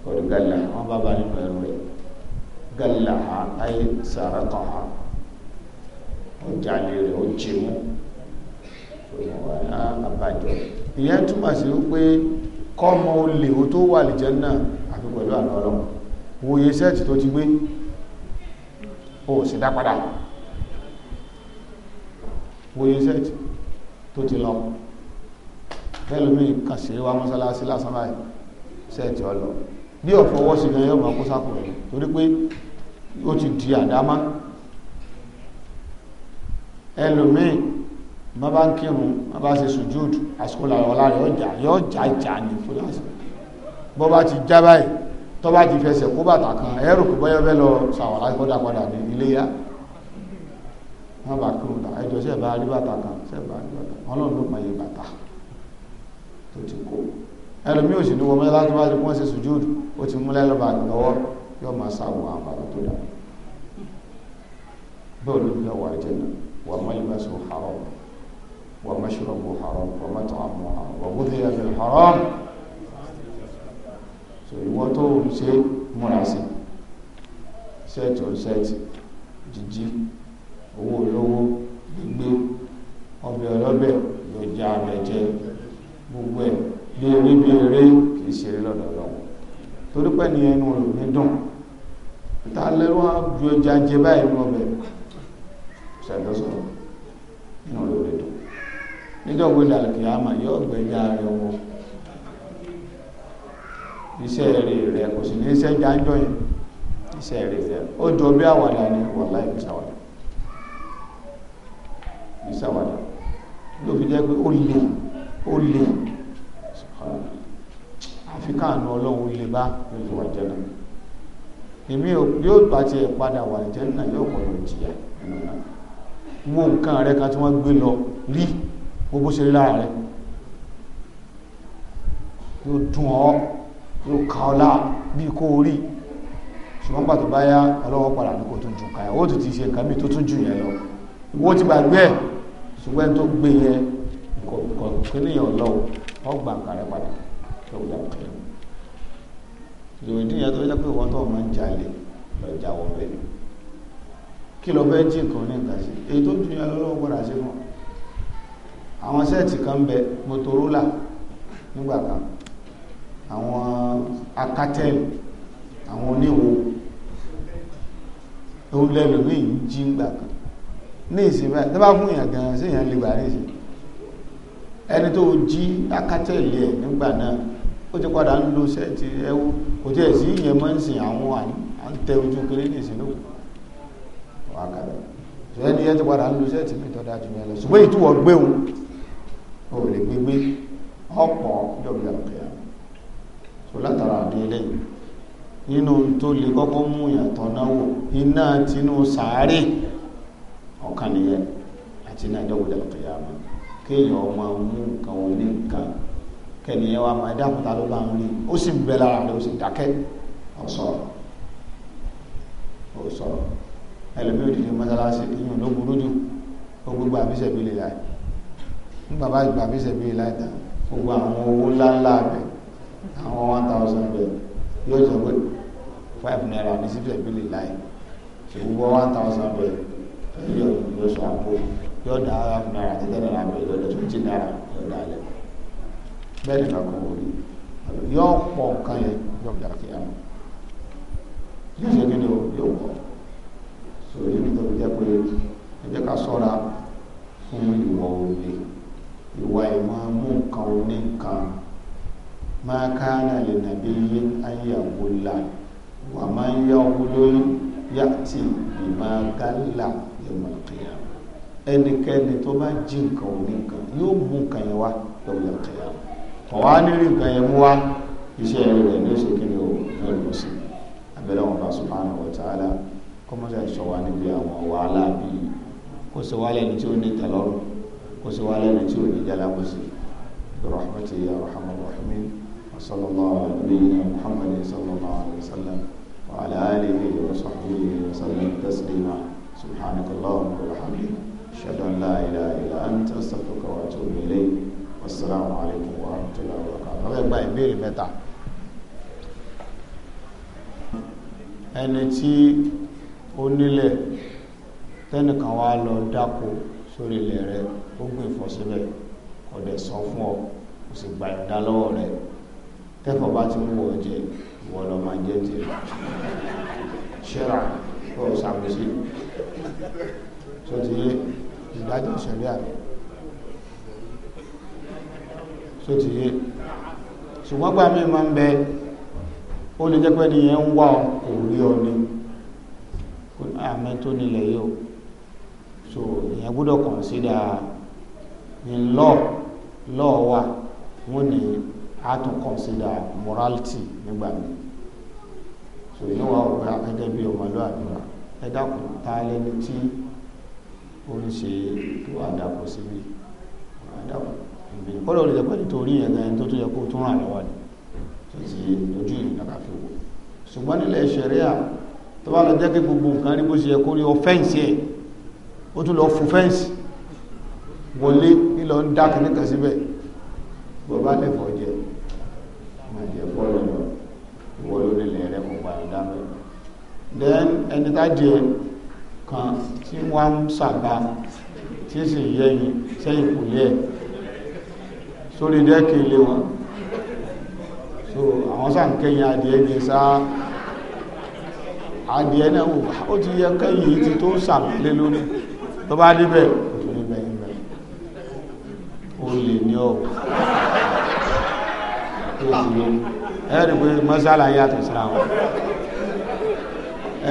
kọ̀dù gbàgbà wọ́n bá ba nínú ayé ha ọjà lè rẹ̀ ó jẹ mú ha ìyẹn túmọ̀ sí wípé kọ́mọ olè ó tó wà lìjẹ́ náà àfi pẹ̀lú àná wòye sẹ́ẹ̀tì tó ti gbé o sì dá padà wòye sẹ́ẹ̀tì tó ti lọ bẹ́ẹ̀ lómi kàn sí wa mọ́sálásí lásán báyìí sẹ́ẹ̀tì ọlọ bí ọ̀fọwọ́ sí gan yóò máa kó sápò rẹ̀ torí pé ó ti di àdámá ẹlòmíì má bá ń kírun má bá ṣe sùjúùdù àsìkò làwọn ọlá rẹ̀ ọjà yóò já ìjà ní fúláṣí bọ́ bá ti já báyìí tó bá ti fẹsẹ̀ kó bàtà kan ẹ̀rù kó bọ́yọ́ fẹ́ lọ sàwàlá kọ́dà padà ní iléyà wọ́n bá kírun dà ẹjọ́ sẹ́ẹ̀ bá rí bàtà kan sẹ́ẹ̀ bá rí bàtà ọlọ́run ló pààyè bàtà tó ti kó ẹlòmí ò sì ní wọ́n mẹ́lá tó bá rí wọ́n ṣe sùjúdù ó ti múlẹ̀ lọ́ba lọ́wọ́ yóò máa sàwọ̀ àwọn tó dà bẹ́ẹ̀ ló ń lọ wà náà wà mọ́lẹ́bàṣọ́ haram so ìwọ tó ń ṣe múra sí ṣẹ́ẹ̀tì ó ṣẹ́ẹ̀tì jíjí owó olówó gbígbé ọbẹ̀ ọlọ́bẹ̀ yóò já abẹ jẹ gbogbo ẹ̀ bí eré bí eré kì í ṣeré lọ́dọ̀ lọ́wọ́ torí pẹ́ ni ẹnu rẹ̀ ní dùn ta lẹ́rú á ju ẹja jẹ báyìí ní ọbẹ̀ ṣàtọ́sọ̀rọ̀ nínú rẹ̀ dùn nígbà wo làlùkì àmà yóò gbẹ̀jà rẹ̀ wọ̀ iṣẹ́ rẹ̀ rẹ̀ kò sì ní iṣẹ́ jáńjọ́ yẹn iṣẹ́ rẹ̀ rẹ̀ ó jọ bí àwàdà ni wọ̀lá ìbísàwàdà ìbísàwàdà ló fi jẹ́ pé ó le ó le àfikà àna ọlọ́run le bá lójú wa jẹ́ náà èmi yóò bá tiẹ̀ padà wà jẹ́ náà yóò pọ̀ lọ jìyà nínú náà wo nǹkan rẹ kan tí wọ́n gbé lọ rí gbogbo ṣe rí lára rẹ yóò dùn ọ́ yóò ka ọlá bí kó orí ṣùgbọ́n pàtó bá yá ọlọ́wọ́ padà ní kò tún jù káyà ó tún ti ṣe nǹkan bí tó tún jù yẹn lọ ìwọ ti gbàgbé ẹ̀ ṣùgbọ́n tó gbé yẹn kò kíníyàn lọ́wọ́ wọ́n gbà nǹkan rẹ padà lọ́wọ́ kan bẹ àwọn akátẹ́ àwọn oníwo tó lẹ́nu ní ìlú jí ń gbà kan ní ìsìn báyìí tó bá fún èèyàn gan sí èèyàn lè gbà ní ìsìn ẹni tó jí akátẹ́ ilé ẹ̀ nígbà náà ó ti padà ń lo sẹ́ẹ̀tì ẹwú kò tí ẹ̀ sí ìyẹn mọ́ ń sìn àwọn àǹtẹ ojú kiri ní ìsìn lókun wà kàdà ṣùgbọ́n ẹni yẹn ti padà ń lo sẹ́ẹ̀tì mi tọ́da jù mí lọ ṣùgbọ́n ìtúwọ̀ gbéhùn ò lè gbégbé ọ̀pọ̀ jọ̀bí àkẹ́yà so látara àdéhélé nínú tó lè kọ́kọ́ mú ìyàtọ̀ náwó iná tinú sàárè ọ̀kan nìyẹn àti iná ìdọ́wọ́dẹ́ ọ̀tọ̀yàmá kéèyàn ọmọ mú nǹkan ò ní nǹkan kẹ́niyẹn wa máa dákúta ló bá ń rí ó sì ń bẹ lára rẹ̀ ó sì dákẹ́ ọ̀sọ̀rọ̀ ó sọ̀rọ̀ ẹlòmíì òdìdí mọ́sálásí ìyún ló burú jù ó gbogbo àbísẹ̀bí lè láì nígbà bá gbà àbísẹ̀bí lè láì tán gbogbo àwọn owó ńláńlá bẹ̀rẹ̀ àwọn one thousand rẹ̀ yóò jẹ́ pé five naira ní sífẹ̀ bílẹ̀ láì ṣòwò one thousand rẹ̀ yóò yóò sọ àpò yóò dá half naira tẹ́tẹ́ naira bẹ̀rẹ̀ yóò dá twenty naira yóò dá lẹ̀ bẹ́ẹ̀ ni kankan wò rí yóò pọ̀ nǹkan yẹn yóò dá kí á mọ̀ yóò ṣe kí ni yóò pọ̀ so èyí tó fi jẹ́ pé ẹ jẹ́ ká sọ́ra fún ìwọ̀ òde ìwà ìmọ̀ mú nǹkan oní nǹkan. ما كان لنبي أن يغل ومن يغل يأتي بما غل يوم القيامة ẹnikẹ́ni tó bá jí nǹkan òní nǹkan yóò mú nǹkan yẹn wá lọ́wọ́ ìyàkẹ́yà ọ̀wá nírí nǹkan yẹn mú wá iṣẹ́ rẹ̀ ní oṣù kí ni ó yóò lọ sí abẹ́rẹ́ wọn bá subhanahu wa ta'ala kọ́mọ́sá ìṣọ̀ wa níbi àwọn wàhálà bíi kó sì wá lẹ́ni tí ó ní tẹ̀lọ́rùn kó sì wá lẹ́ni tí ò ní jálábọ̀sí rahmatulahi rahmatulahi. صلى الله على نبينا محمد صلى الله عليه وسلم وعلى آله وصحبه وسلم تسليما سبحانك اللهم وبحمدك أشهد أن لا إله إلا أنت أستغفرك وأتوب إليك والسلام عليكم ورحمة الله وبركاته. ọ̀rẹ́ gba ìbéèrè mẹ́ta ẹni tí ó nílẹ̀ tẹ́nìkan wá lọ dáko sórí ilẹ̀ rẹ̀ ó gbìn fọ́ síbẹ̀ ọ̀dẹ̀ sọ fún ọ kò sì gbà ìdá lọ́wọ́ rẹ̀ kẹ́kọ̀ọ́ bá ti mú wọ jẹ ìwọ lọ máa jẹ tẹ ṣẹ́ra kọ́ ṣàmùsí tó ti yé ìdájọ́ ṣẹ̀ríà tó ti yé ṣùgbọ́n gbà mí máa ń bẹ ó lè jẹ́ pé nìyẹn ń wá kò rí ọ ni àmì tó nílẹ̀ yìí o so ìyẹn gbọ́dọ̀ consider ní law law wà wọ́n ní a tún kọ̀nsídà morality nígbà mi so inú wa wò pé gẹ́gẹ́ bí ọmọlúwàbí wa ẹ dákun ta lẹni tí ó ń ṣe tó àdàpọ̀ síbi àdàpọ̀ ìbí kọ́lá olùdókòwò pẹ̀lú torí ẹ̀gá ẹni tó tún yẹ kó tún ràn lọ́wọ́ ni tó ti ojú ìrìn náà fi wò ṣùgbọ́n nílẹ̀ ṣẹ̀ríà tó bá lọ jẹ́ kí gbogbo nǹkan rí bó ṣe yẹ kó rí ọ fẹ́ǹsì ẹ̀ ó tún lọ fún fẹ́ǹsì wọlé nílọ ń dá kìnnìkan síbẹ̀ bọ́ bá lẹ́fọ̀ọ́ j ẹ̀jẹ̀ bọ́ lẹ́nu ìwọ lórí ilẹ̀ rẹ kò gbà ìdá then ẹni tá jẹ kan tí wọ́n ń sàgbà tí sì yẹyin sẹ́yìn kò yẹ sórí dẹ́kì ilé wọn so àwọn sàǹkẹ́yìn adìẹ ní sáà adìẹ náà wò ó ti yẹ kẹ́yìn ti tó sàmìlẹ́ lórí tó bá débẹ̀ ó lè ní ọ̀pọ̀ ẹ̀rì pé mọ́sálà yàtọ̀ síra wọn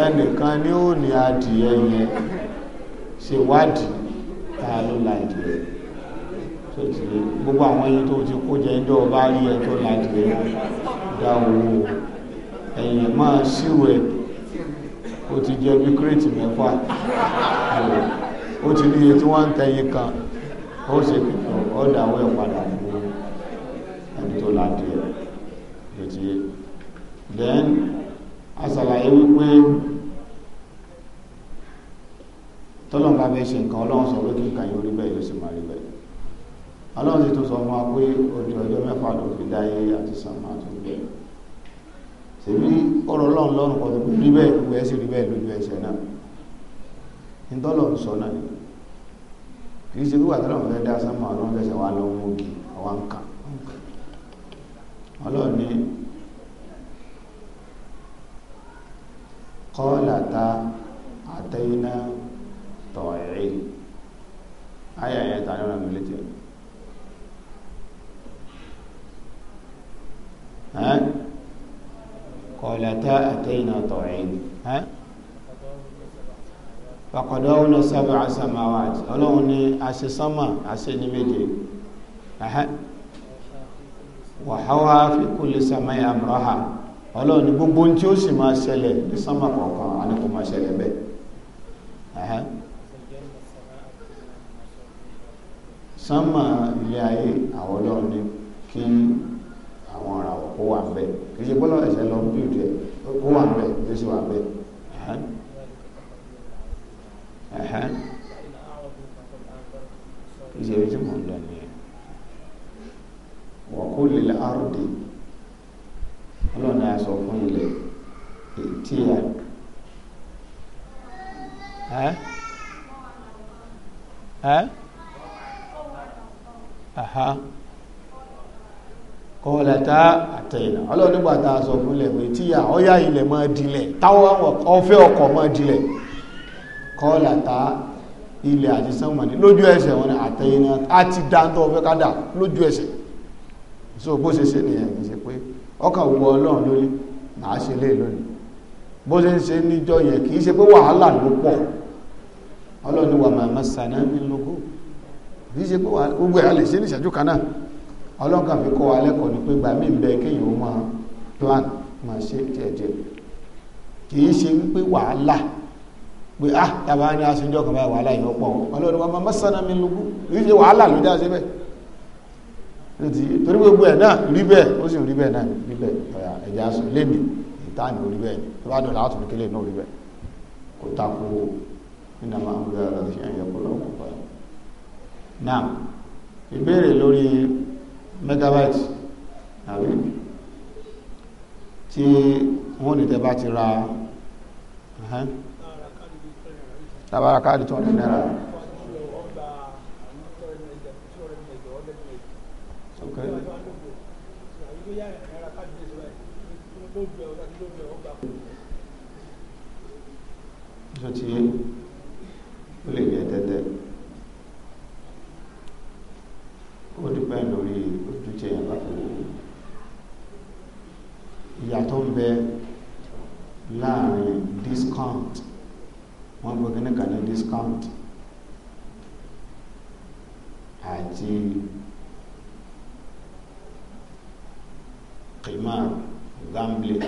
ẹnìkan ní ó ní adìyẹ yẹn ṣe wádìí ta ló la ìdìyẹ tó ti lé gbogbo àwọn ẹyin tó ti kó jẹ ẹjọ́ bá rí ẹ tó la ìdìyẹ dá owó ẹ̀yìn máa ṣírò ẹ̀ ó ti jẹ bí kírètì mẹ́fà ó ti ní iye tí wọ́n ń tẹyin kan ó ṣe kìkọ̀ ọ̀dà ẹ̀ padà fún ẹni tó la ìdìyẹ then asàlàyé wípé tọ́lọ́n bá bẹ́ẹ̀ ṣe nǹkan ọlọ́run sọ pé kí nǹkan yóò rí bẹ́ẹ̀ yóò sì máa rí bẹ́ẹ̀ ọlọ́run sì tún sọ fún wa pé odi ọjọ́ mẹ́fà ló fi dáyé àti sàmà àti ìgbẹ́ ṣèbí ọ̀rọ̀ ọlọ́run lọ́rùn kan tó kù rí bẹ́ẹ̀ gbogbo ẹ̀ sì rí bẹ́ẹ̀ lójú ẹsẹ̀ náà ní tọ́lọ́run sọ náà ni kì í ṣe wíwà tọ́lọ́run fẹ́ dá sàmà ọlọ́run fẹsẹ̀ wà lọ́wọ́ ògì ọwọ́ nǹkan ọlọ́run ní kọ́làtà àtẹ́yìnà tọ̀ẹ̀ẹ́ ayẹyẹ tàbí ọ̀nà mílítì ẹ̀ kọ́làtà àtẹ́yìnà tọ̀ẹ̀ẹ́ pàkọ̀dọ̀ ọ̀nà sábà àsàmáwàtì ọlọ́run ní àṣesánmà àṣẹ ní méje wàháwá fi kulli samai amraha ọlọ́run ní gbogbo tí ó sì máa ṣẹlẹ̀ ní sánmà kọ̀ọ̀kan a ní kó máa ṣẹlẹ̀ bẹ́ẹ̀ sánmà ilé ayé àwọn ọlọ́run ní kí àwọn ọ̀ràwọ̀ kó wà ń bẹ́ẹ̀ kì í ṣe bọ́lá ẹ̀ṣẹ̀ lọ bí ìdí ẹ̀ kó wà ń ó sì wà ń ọlọ́run nígbà tá a sọ fún ilẹ̀ pé tíyà ọyá ilẹ̀ máa dilẹ̀ táwọn ọfẹ́ ọkọ̀ máa dilẹ̀ kọ́ọ̀lá ta ilẹ̀ àti sánmàdé lójú ẹsẹ̀ wọn àtẹ̀yìn náà á ti dá ọfẹ́ kádà lójú ẹsẹ̀ so bó ṣe ṣe nìyẹn ṣe pé wọ ọlọ́run lórí ṣe lé lónìí bó ṣe ń ṣe níjọ yẹn kì í ṣe pé wàhálà ló ọlọ́kàn fi kọ́ wa lẹ́kọ̀ọ́ pé gbàmí ń bẹ kéèyàn ó máa plan máa ṣe jẹ́jẹ́ kìí ṣe wípé wàhálà pé ah tàbá ní aṣojú kan báyìí wàhálà yìí ọlọ́run wa máa mọ́sánà mi lógún kìí ṣe wàhálà ló dá sí bẹ́ẹ̀ torí gbogbo ẹ̀ náà rí bẹ́ẹ̀ ó sì rí bẹ́ẹ̀ náà rí bẹ́ẹ̀ ọ̀yà ẹ̀já sùn lẹ́nu ìta ni orí bẹ́ẹ̀ tó bá dọ̀là àtúntò kélé náà rí bẹ́ẹ̀ kò takò nínú àwọn àmúlẹ̀ ọ̀rọ̀ ṣe ẹ̀yẹ kó lọ́kùnkùn náà ìbéèrè lórí megabyte àbí tí wọ́n ní tẹ́bá ti ra tabara káàdì tó rẹ̀ náírà ṣe tí ó lè jẹ́ tẹ́tẹ́ ó dúpẹ́ lórí ojúṣe yẹn bá fi wò ó ìyàtọ̀ ń bẹ láàrin discount wọ́n gbé kíní kan ní discount àti qimar gambling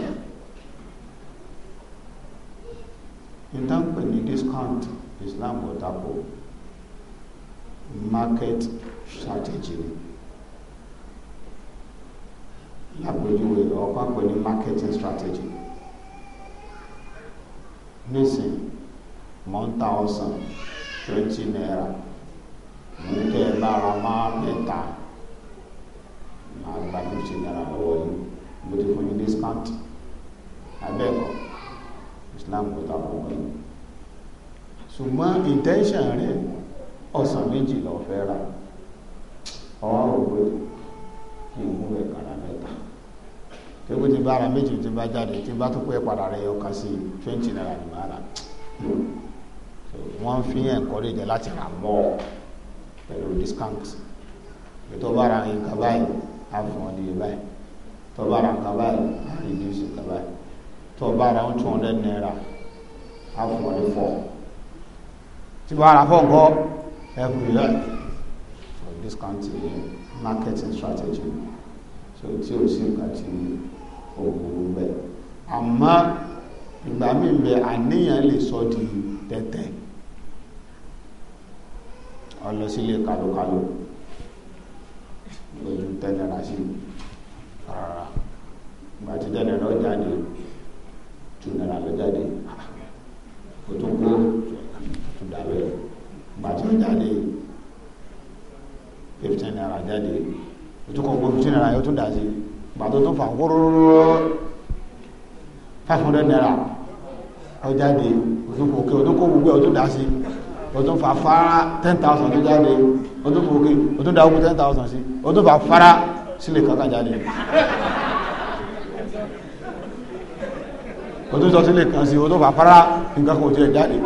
nítorí pé ní discount Islam ò tako. market strategy ni lápèjúwe ọ̀pá marketing strategy nísìn mò ń ta ọsàn twenty naira mò ń tẹ lára máa mẹ́ta máa gba fifty naira lọ́wọ́ yìí mo ti fún yín discount Islam kò ta ọkọ̀ yìí intention rẹ̀. ọsàn méjì lọ fẹ́ ra ọwọ́ òwe kí n mú ẹ̀kàrà mẹ́ta tó kó ti bá ara méjì tí bá jáde tí bá tó pé padà rẹ̀ yọ kan sí twenty naira ní bàrà wọ́n fi ń encourage láti rà mọ́ pẹ̀lú discount ètò bá ra nǹkan báyìí á fún ọ ní iye báyìí tó bá ra nǹkan báyìí á reduce nǹkan báyìí tó bá ra one two hundred naira á fún ọ ní four tí bá ra four nǹkan every year for this country marketing strategy so tí o sì nǹkan tí o burú bẹ́ẹ̀ àmọ́ ìgbà míì bẹ àníyàn lè sọ di tẹ́tẹ́ ọlọsílẹ̀ kálókáló lójú tẹ́lẹ̀ra sí rárá ìgbà tí tẹ́lẹ̀ra ó jáde tù náírà ló jáde ó tún kó tó dàbẹ̀ gbàtí ó jáde fifteen naira jáde ó tún kọ́ naira yóò tún dà sí gbàtó tó fà wóróróró five naira ó jáde ó tún kọ́ òkè ó tún kọ́ gbogbo ẹ̀ tún dà sí ó tún fà fara ten thousand tó jáde ó tún kọ́ òkè ó tún dà ó kú ten thousand sí ó tún fà fara sílẹ̀ kankan jáde. o tún sọ sílẹ̀ kan sí o tún fà fara nǹkan kan ò jáde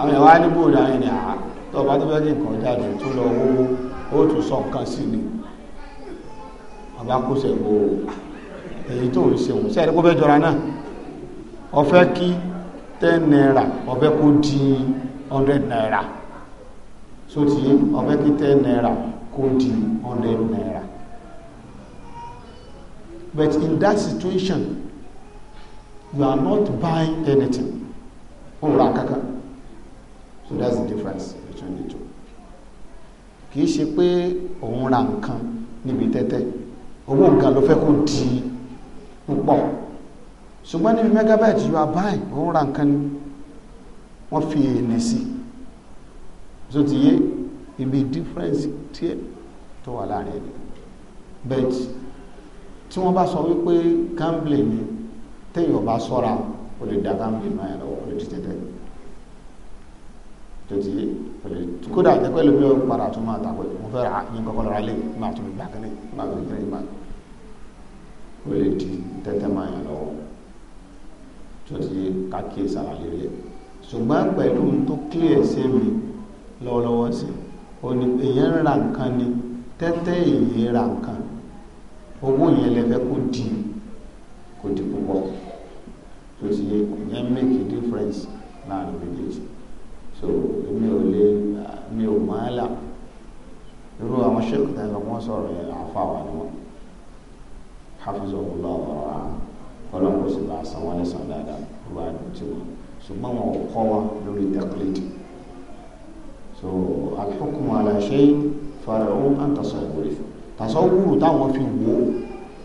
àwọn ìwà níbò ìdáyìn ni àá tó bá tó fẹ́ ní nǹkan jáde tó lọ owó ó tún sọ nǹkan sí ni ọba kó sẹ̀ bò ó èyí tó ń ṣeun sẹ́ẹ̀rí kó fẹ́ jọra náà ọfẹ́ kí ten naira ọfẹ́ kó di hundred naira so ti ọfẹ́ kí ten naira kó di hundred naira but in that situation you are not buying anything ó ra kankan so that's the difference between the two kì í ṣe pé òun ra nǹkan níbi tẹ́tẹ́ owó nǹkan ló fẹ́ kó di púpọ̀ ṣùgbọ́n níbi megabyte yóò abáyìn òun ra nǹkan ni wọ́n fi èèyàn sí so ti yé ibi difference tiẹ̀ tó wà láàrin ẹni bet tí wọ́n bá sọ wípé gambling ni téèyàn bá sọ́ra o lè da gambling náà yẹn lọ́wọ́ o lè di tẹ́tẹ́ yìí tó ti pẹ̀lú kódà jẹ́ pẹ̀lú bí wọ́n padà tún máa tàwé mo fẹ́ ra yín kọ́kọ́ lọ́ra lé máa tún gbà kínní máa tún kínní máa ó lè di tẹ́tẹ́ máa yàn lọ́wọ́ tó ti ká kí sara lérí ẹ̀ ṣùgbọ́n pẹ̀lú tó clear sí mi lọ́wọ́lọ́wọ́ sí èèyàn ra nǹkan ni tẹ́tẹ́ èèyàn ra nǹkan owó yẹn lè fẹ́ kó di kò di púpọ̀ tó ti yẹ ìyẹn make a difference láàrin méjèèjì so mi ò lè mi ò máa là irú àwọn sheik náà lọ wọ́n sọ̀rọ̀ yẹn àfa wà ní wọn hafizahullah ọ̀rọ̀ ọlọ́pàá sì bá san wọn lẹ́sàn dáadáa wọ́n á dùn tí wọn ṣùgbọ́n wọn ò kọ́ wọn lórí tẹ́kílẹ̀tì so alḥukumu ala shay fara'u an tasawwuri tasawwuru táwọn fi wo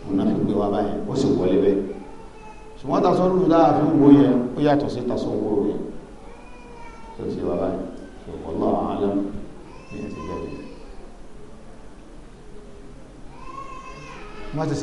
munafiki wa báyìí ó sì wọlé bẹ́ẹ̀ ṣùgbọ́n tasawwuru táwọn fi wo yẹn ó yàtọ̀ sí tasawwuru yẹn tó ti wá báyìí ṣòkòlò àlọ́ ti jẹ́ bí. wọ́n ti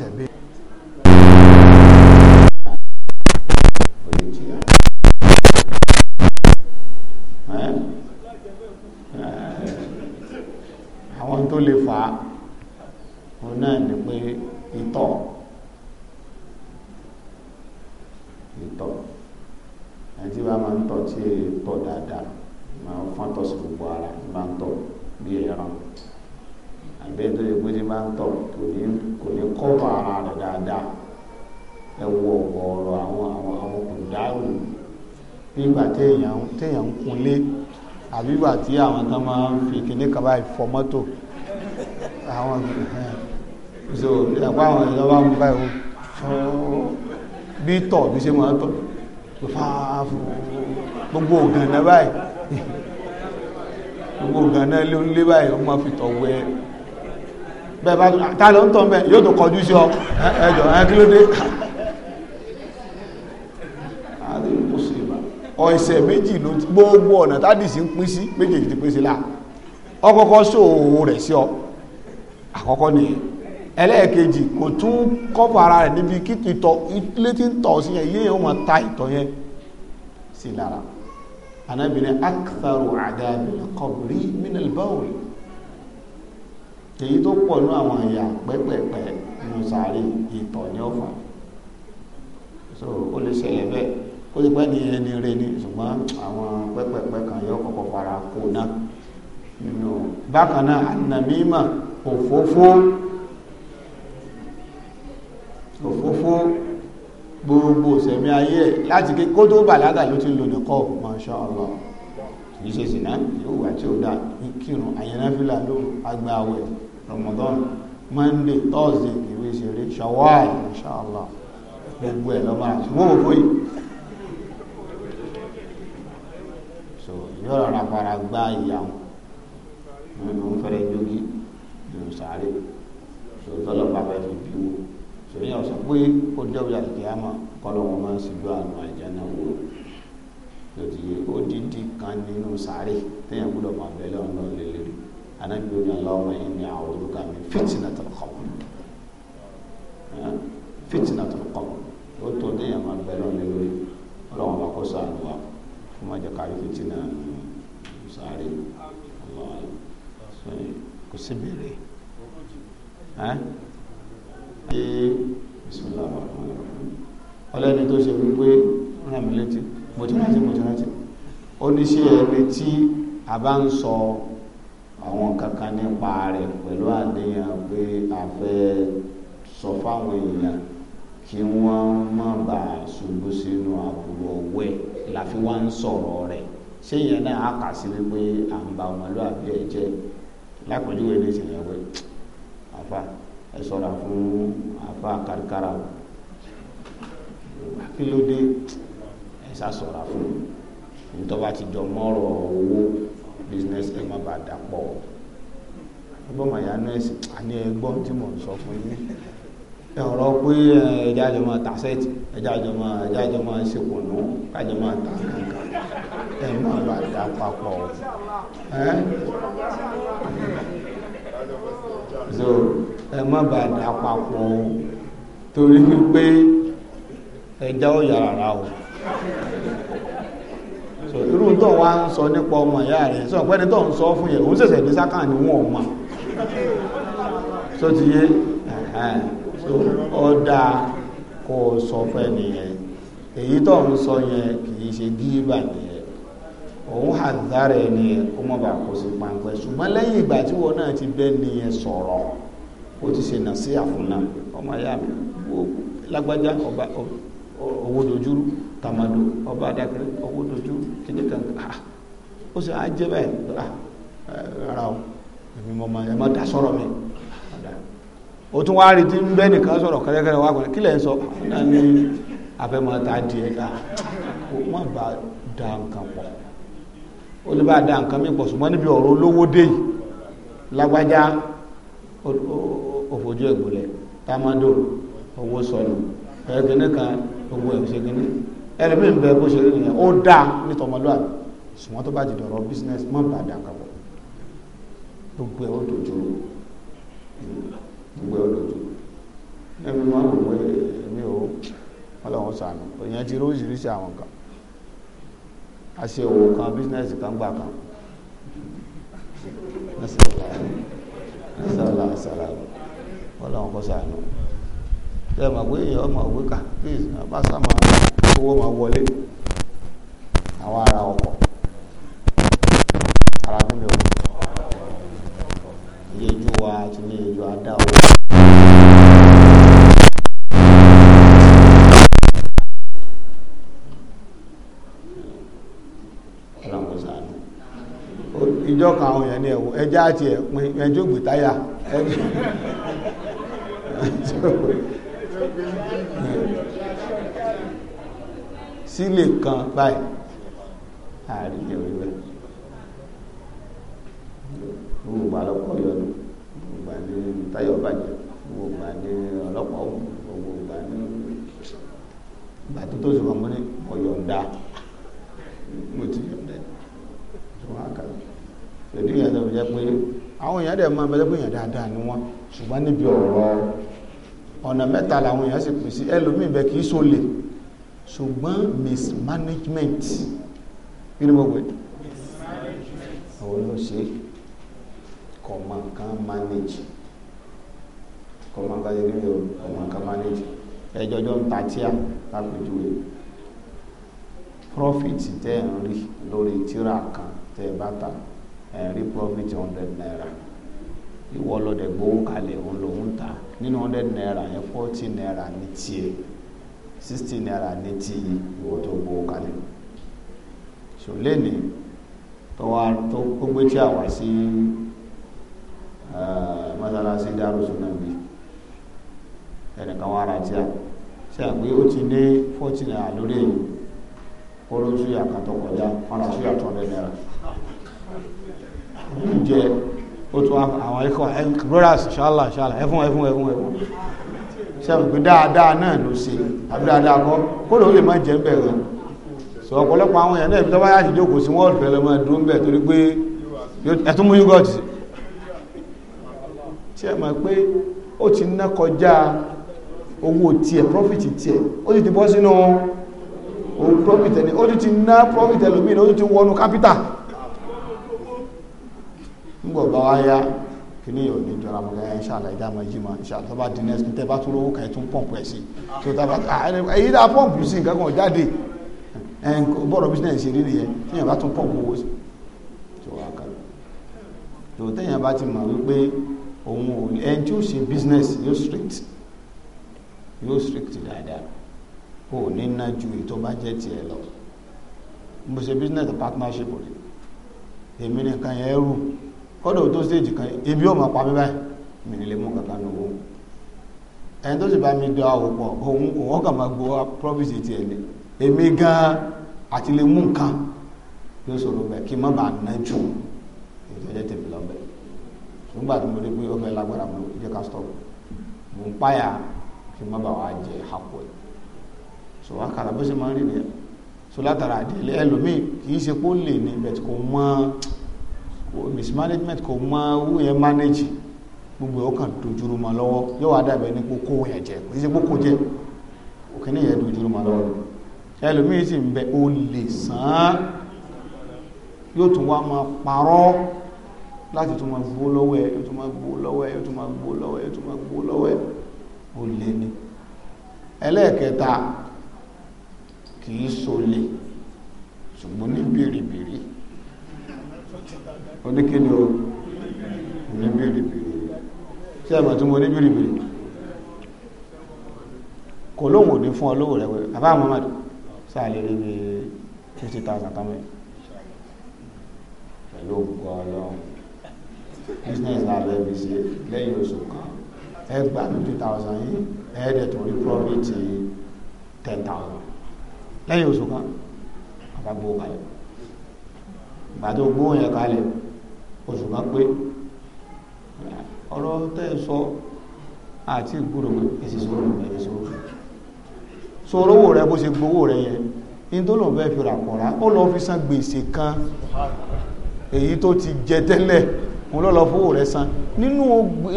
téèyàn ń kunlé àbí ìgbà tí àwọn kan máa ń fi kìnní kan báyìí fọ mọ́tò àwọn so ìyàpá àwọn èèyàn bá ń báyìí bí tọ̀ bí ṣe máa tọ̀ gbogbo ògànnà báyìí gbogbo ògànnà lé báyìí wọ́n máa fi tọ̀ wẹ bẹ́ẹ̀ bá tá ló ń tọ̀ mẹ́ yóò tó kọjú sí ọ ẹ̀jọ̀ ẹ̀ kí ló dé ọ̀sẹ̀ méjì ló ti gbogbo ọ̀nà tádìsí ń pín sí méjèèjì ti pín sí là ọkọ̀kọ́ ṣòwò rẹ̀ sí ọ àkọ́kọ́ ni ẹlẹ́ẹ̀kejì kò tún kọ́pọ̀ ara rẹ̀ níbi kí ìtọ̀ ilé tí ń tọ̀ sí yẹn yíyàn ó ta ìtọ̀ yẹn sí lára anábìnrin aktharu àdáàbìnrin kọ̀bìrí minal èyí tó pọ̀ ní àwọn àyà pẹ́pẹ́pẹ́ nù sàárè ìtọ̀ ní ọ̀fà so ó lè ṣẹlẹ̀ bẹ́ẹ̀ ó ti pẹ́ ní ẹni rẹ ni ṣùgbọ́n àwọn pẹ́pẹ́pẹ́ kan yóò kọ́kọ́ fara kó náà nínú bákan náà ànàmímà òfófó òfófó gbogbo sẹ̀mí ayé láti ké kó tó bàlágà ló ti ń lò nìkọ́ masha Allah kìí ṣe sìnà yóò wà tí ó dá kírun àyẹnáfílà ló agbá awẹ Ramadan Monday Thursday kìí ṣeré Shawwal masha Allah gbogbo ẹ̀ lọ́mọ àti wọ́n òfó yìí yọrọ ra para gbá ìyàwó òun fẹrẹ jogi lòun sáré sòtọ́ lọ bàbá ẹ̀ fi bí wò sòyìn ọ̀sẹ̀ pé ó dẹ́wọ́ àti àmọ́ kọ́lọ́ wọn máa ń sì lọ àwọn àjẹnà wò lòdì yìí ó dídì kan nínú sáré téèyàn gbúdọ̀ máa bẹ̀ lọ́wọ́ náà lélẹ́rì anábì ó ní aláwọ̀ yìí ní àwọn olùkà mi fìtìnà tó kọ̀ fìtìnà tó kọ̀ ó tó téèyàn máa bẹ̀ lọ́wọ́ lélẹ́rì ọlọ́wọ́n bá kó sànù wa kó má jẹ́ kárí fìtínà sáré kò sí béèrè ọlẹ́ni tó ṣe wípé ràn mí létí mo ti rántí mo ti rántí ó ní ṣe ẹni tí a bá ń sọ àwọn kankan nípa rẹ̀ pẹ̀lú àdéhùn pé a fẹ́ sọ fáwọn èèyàn kí wọ́n má bàa ṣubú sínú àbúrò ọwọ́ ẹ̀ láfi wá ń sọ̀rọ̀ rẹ̀ ṣé ìyẹn náà á kà sí wípé à ń ba ọmọlúwàbí ẹ jẹ́ lápèjúwe ní ìṣẹ̀lẹ̀ wẹ̀ àfa ẹ sọ̀rọ̀ fún àfa kárakára o kí ló dé ẹ sá sọ̀rọ̀ fún nítorí ti jọ mọ́rọ̀ owó business ẹ má bàa dà pọ̀ ọgbọ́n màyà nọ́ọ̀sì àní ẹgbọ́n tí mò ń sọ fún yín ọ̀rọ̀ pé ẹja jọ máa ta sẹ́ẹ̀tì ẹja jọ máa ẹja jọ máa ṣe kùnú kájọ máa ta nǹkan ẹ má bà dá papọ̀ so ẹ má bà dá papọ̀ o torí wípé ẹja ó yàrá o so irú tó wá ń sọ nípa ọmọ ìyá rẹ sọ pé ẹni tó ń sọ fún yẹ òun ṣẹ̀ṣẹ̀ ní sákà ni wọn ò mọ̀ so ti yé ẹ̀hẹ́n. tó ọ̀dà kó o sọ fẹ́ nìyẹn èyí tó ń sọ yẹn kì í ṣe gíbà nìyẹn òun àdára ẹni yẹn kó má bàa kó sí ti nìyẹn ti ṣe nà sí ọmọ lágbájá ọba owó dojúrú ọba adakẹrẹ owó dojúrú ah, ó sì á jẹ o tún wá rí ka ń bẹ́ nìkan sọ̀rọ̀ kẹ́rẹ́kẹ́rẹ́ wá pẹ̀lú kí lẹ́ ń sọ náà ní afẹ́mọ́ta díẹ̀ ká o má ba da nǹkan pọ̀ ó lè bá da nǹkan mi pọ̀ ṣùgbọ́n níbi ọ̀rọ̀ olówó dé yìí lágbájá òfojú ẹ̀gbọ́lẹ̀ tamado owó sọnù ẹ̀gbẹ́ni kan owó ẹ̀ṣẹ̀gbẹ́ni ẹlẹ́mìn bẹ́ẹ̀ bó ṣe rí nìyẹn ó dáa ní tọmọlúwàbí ṣùgbọ́n tó da nǹkan pọ̀ gbogbo ẹ̀ ó gbogbo ẹ̀ lójú ẹ̀mí máa wò pé èmi ò ọlọ́run sànù èèyàn ti róṣìíríṣìí àwọn kan a ṣe òwò kan bísínẹ́sì kan gbà kan sàlà sàlà ọlọ́run kọ́ sànù ẹ mọ̀ pé èèyàn ọmọ òwe kà please bá sàmà owó máa wọlé àwọn ará ọkọ̀ ara nílé níjọ́ kan àwọn èèyàn ní ẹ̀wọ̀ ẹjá àti ẹ̀pin ẹjọ́ gbìtáyà sílè kan báyìí àríyẹ orí rẹ̀ gbogbo gbà lọ́pọ̀ yọnu gbogbo gbà ní táyọ̀ bàjẹ́ gbogbo gbà ní ọlọ́pàá gbogbo gbà ní gbà tó tó sọ̀rọ̀ mọ́ ní ọ̀yọ̀ǹda jẹ́ pé àwọn èèyàn dẹ̀ máa bẹ́ẹ̀ pé èèyàn dáadáa ni wọ́n ṣùgbọ́n níbi ọ̀rọ̀ ọ̀nà mẹ́ta làwọn èèyàn sì pèsè ẹlòmíì bẹ́ẹ̀ kì í sólè ṣùgbọ́n mismanagement kí ni mo pè òun ló ṣe kọ̀mọ̀kan manage kọ̀mọ̀kan yẹn ní o kọ̀mọ̀kan manage ẹjọ́jọ́ ń ta tíà lápèjúwe profit tẹ́ ń rí lórí tíra kan tẹ́ bá ta ẹ̀rí eh, profit hundred naira ìwọ lọ́dẹ̀ gbowó òun lòún ta nínú hundred naira yẹn forty naira ní naira ní ti ìwọ tó gbowó so tó wá tó gbé tí a wá sí eh, mọ́sálásí náà bí ẹnìkan wá tí a ṣe àgbé ó ti forty naira lórí èyí kóró súyà kan tó kọjá naira. jẹ otu àwọn ikọ̀ brothers ṣáàlà ṣáàlà ẹfún ẹfún ẹfún ẹfún sẹ́wọ̀n dáadáa náà ló ṣe àbí dáadáa kọ́ kó ló lè má jẹ́ ń bẹ̀rẹ̀ sọ ọ̀pọ̀lọpọ̀ àwọn èèyàn náà ibi tó ya yá ti jókòó sí wọ́ọ̀lù fẹ́lẹ́ máa dúró ń bẹ̀ torí pé ẹ̀tún mú yúgọ̀t tí ẹ mọ̀ pé ó ti ná kọjá profit tiẹ̀ ó ti ti bọ́ sínú profit ẹni ó ti ti ná profit ẹlòmíì ó ti ti wọnú capital nígbà bá wá yá kìíní yóò ní jọra mọ̀ lẹ́yìn inshallah ìjà máa jí ma inshallah tó bá di next tẹ́ bá tún lówó kan tún pọ̀mpù ẹ̀ sí tó ah. tá bá ah, èyí dá pọ̀mpù sí nǹkan kan jáde bọ́ọ̀rọ̀ business rí nìyẹn téèyàn bá tún pọ̀mpù owó sí tó wà kàlù tó téèyàn bá ti mọ̀ wípé òun ò ní ẹni tí ó ṣe business yóò strict yóò strict dáadáa kò ní ná ju ètò bá jẹ́ tiẹ̀ lọ mo ṣe business partnership rẹ̀ èmi nìkan yẹn rù kọ́dọ̀ tó stage kan ebi ọmọ pa mi báyìí mi nílé mú kankan nù owó ẹni tó sì bá mi dọ àwọn pọ̀ òun òun ọkà máa gbọ́ promise ti ẹ̀ ní èmi gan àti lè mú nǹkan yóò sọ̀rọ̀ bẹ́ẹ̀ kí n má bàa ná jù ìjọjẹ́ tèmi lọ́bẹ̀ nígbà tí mo rí pé ọbẹ̀ lágbára mo jẹ́ ká stop mo ń páyà kí n má bàa wá jẹ àpò ẹ̀ sọ wá kàrà bó ṣe máa ń rí nìyẹn sọ látara àdìyẹ ẹlòmíì kì í ṣe kó lè ní bẹ̀tì kò mọ́ ọ́ mismanagement kò mọ owó yẹn manage gbogbo ẹ̀ ó kàn dojúrú mọ́ lọ́wọ́ yóò wá dàbẹ̀ ní kókó yẹn jẹ kò sí ṣe kókó jẹ òkè ní yẹn dojúrú mọ́ lọ́wọ́ ẹlòmíì sì ń bẹ ó lè sàn án yóò tún wá máa parọ́ láti tún máa gbó lọ́wọ́ ẹ̀ yóò tún máa gbó lọ́wọ́ ẹ̀ yóò tún máa gbó lọ́wọ́ ẹ̀ yóò tún máa gbó lọ́wọ́ ẹ̀ ó lè ní ẹlẹ́ẹ̀kẹta kì í so lè ṣùgbọ́n ní bìrìbìrì oníkíni o oníbìrìbìrì tí ẹ̀mọ̀ tí mo ní bìrìbìrì kò lóhùn òní fún ọ lówó rẹ wẹ bàbá Muhammad sáà lè rí bí fifty pẹ̀lú òkú ọlọ́run business abẹ́ mi ṣe lẹ́yìn oṣù kan ẹ gba fifty thousand yìí ẹ dẹ̀ tó rí profit 10.000, thousand lẹ́yìn oṣù kan bàbá gbowó kalẹ̀ gbàdó gbowó yẹn kalẹ̀ oṣù kan pé ọ̀rọ̀ tẹ́ ẹ sọ àti ìgbúrò èsì sọ̀rọ̀ èsì sọ̀rọ̀ sọ̀rọ̀ owó rẹ bó ṣe gbowó rẹ yẹn in tó lòun fẹ́ fi rà pọ̀rá ó lọ fi san gbèsè kan èyí tó ti jẹ tẹ́lẹ̀ òun lọ́lọ́ fowó rẹ̀ san nínú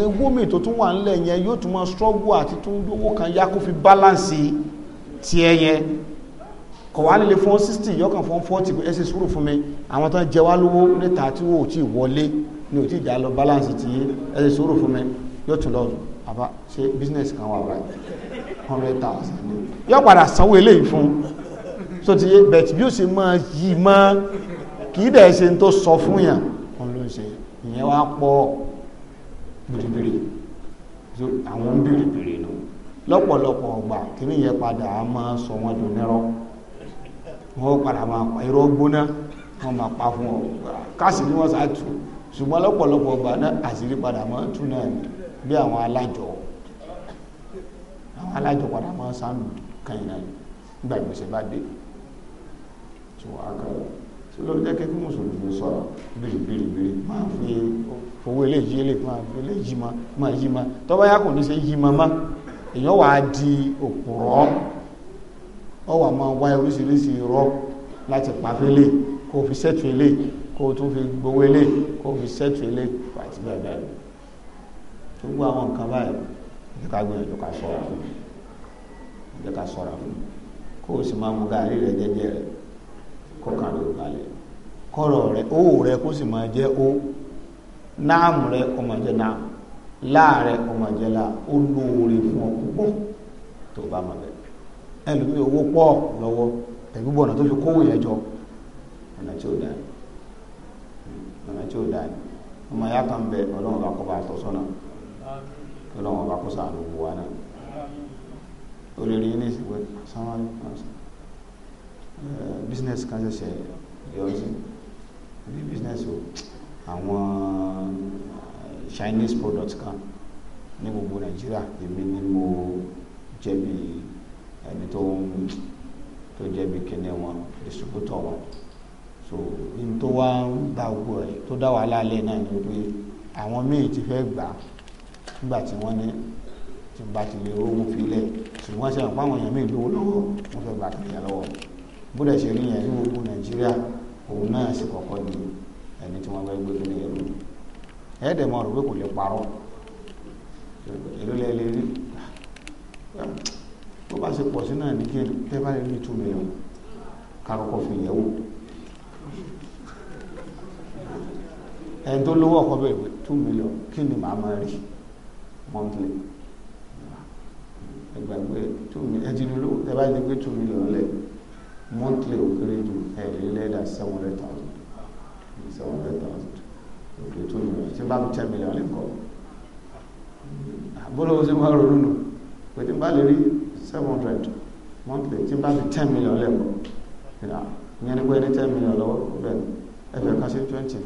ewu mi tó tún wà ńlẹ̀ yẹn yóò tún máa struggle àti tún owó kan yá kó fi báláǹsì tiẹ̀ yẹn kọ̀ wá lè fún sixty yọkàn fún forty ẹ ṣe sùúrù fún mi àwọn tó ń jẹ wá lówó níta tí wò ti wọlé ni ò ti dá lọ balance ti yé ẹ ṣe sùúrù fún mi yóò tún lọ àbá ṣe business kan wà wáyé hundred thousand yóò padà sanwó eléyìí fún so ti yé bẹ̀t bí ó ṣe máa yí mọ́ kì í dẹ̀ ṣe tó sọ fún yàn wọn ló ń ṣe ìyẹn wá pọ̀ biribiri so àwọn biribiri nù lọ́pọ̀lọpọ̀ ọgbà kí ni yẹn padà á máa sọ wọn dùn nírọ́. wọ́n padà máa pa irọ́ gbóná wọn máa pa fún ọ káàsì ni wọn sá tu ṣùgbọ́n lọ́pọ̀lọpọ̀ náà àṣírí padà máa tú náà bí àwọn alájọ àwọn alájọ padà máa sánú kẹyìn náà nígbà ìgbésẹ̀ bá dé kí mùsùlùmí máa fi owó eléyìí eléyìí máa fi eléyìí máa yí máa kò ní ṣe yí máa má èèyàn wàá di òpùrọ́ ọ wà máa wá oríṣiríṣi irọ́ láti pàfẹ́lẹ̀ kó fi sẹ́tù ilé kó tún fi gbowó ilé kó fi sẹ́tù ilé àti bẹ́ẹ̀ bẹ́ẹ̀ lọ tó gbọ́ àwọn nǹkan báyìí ẹ̀jẹ̀ ká gbìyànjú ká sọ̀rọ̀ fún ẹ̀jẹ̀ ká sọ̀rọ̀ fún kó o sì máa mú gàárì rẹ jẹ́jẹ́ rẹ kó kàn ló balẹ̀ kọ́rọ̀ rẹ ó rẹ kó sì máa jẹ́ ó náàmù rẹ kó máa jẹ́ náàmù láàrẹ kó máa jẹ́ láà ó lóore fún ọ púpọ̀ tó bá máa bẹ̀ ẹlòmí owó pọ̀ lọ́wọ́ tẹ̀bí bọ̀nà tó fi kówó yẹn ọ̀nà tí ó dá ní ọ̀nà tí ó dá ní ọmọ ya kan bẹ ọlọ́run bá kọ́ bá tọ́ sọ́nà ọlọ́run bá kó sàánú wà náà olórí ní ìsìnkú sáwọn eh, bísínẹ́sì kan ṣẹ̀ṣẹ̀ yọrí ní bísínẹ́sì àwọn eh, Chinese products kan ní gbogbo Nàìjíríà èmi ni mo jẹ̀bi ẹni tó ń tó jẹ́ bí kíní wọn distributor wọn so n tó wá ń dá gbogbo rẹ̀ tó dá wàhálà lé náà ni pé àwọn míì ti fẹ́ gbà nígbà tí wọ́n ní tí bá ti lè rówó filẹ̀ ṣùgbọ́n ṣe àwọn àwọn èèyàn míì lówó lọ́wọ́ wọ́n fẹ́ gbà kìnìyà lọ́wọ́ bódà ṣe rí yẹn ní gbogbo Nàìjíríà òun náà sì kọ́kọ́ di ẹni tí wọ́n fẹ́ gbé kìnìyà lọ́wọ́ ẹ̀ẹ́dẹ̀mọ́ rẹ̀ pé kò lè parọ́ èrè lẹ́ẹ̀lẹ́rìí ṣe pọ̀ sí náà ní kí tẹ́ bá lè rí two million kárọ̀kọ̀ fi yẹ̀ wò ẹni tó lówó ọkọ̀ bẹ̀rẹ̀ pé two million kí ni màá máa rí monthly ẹgbàgbé two million ẹtì ló lówó tẹ́ bá lè gbé two million lẹ̀ monthly ò kéré ju ẹ̀rí lẹ́dà seven hundred thousand seven hundred thousand òkè two million tí bá mi ten million lè kọ́ bọ́lá ó sì máa ronú nù pé tí n bá lè rí seven hundred monthly tí n bá fi ten million lẹ́kọ̀ọ́ ìyẹn ni pé ní ten million lọ́wọ́ bẹ́ẹ̀ ẹ̀fẹ̀ kan sí twenty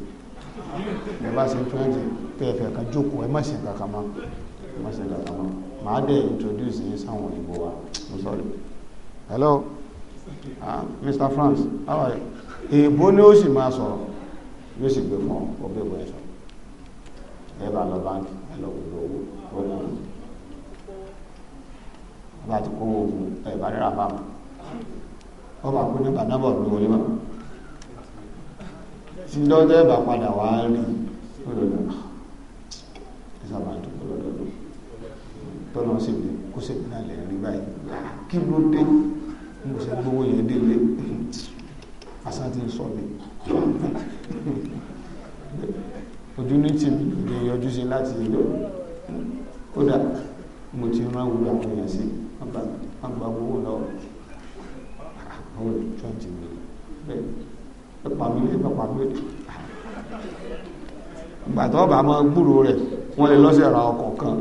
ẹ̀ bá sí twenty pé ẹ̀fẹ̀ kan jókòó ẹ̀ má ṣe kankan mọ́ ẹ̀ má ṣe kankan mọ́ màá dẹ̀ introduce yín sáwọn òyìnbó wa mo sorry hello ah Mr. France how are you èèbó ni ó sì máa sọ̀rọ̀ yóò sì gbé fún ọ ọgbẹ́ ìwé ẹ̀sọ́ ẹ bá lọ báńkì ẹ lọ gbogbo owó ó ní bí a ti kó oògùn ẹ̀bá rírà bá wọn wọ́n bá kó ní bànábọ̀ ló wọlé wọn tí lọ́jọ́ ẹ̀bà padà wá rí olóòlù ìsàbà tó olóòlù tọ́nà sì bí kó sì bí náà lè rí báyìí kí ló dé mo ṣe gbówó yẹn délé asán ti ń sọ mi ojú ní tí yọjú sí láti ìlú kódà mo ti rán wúlò àwọn èèyàn sí i wọn gbàtọ́ bá máa gbúrò rẹ̀ wọ́n lè lọ́sẹ̀ ra ọkọ̀ kan.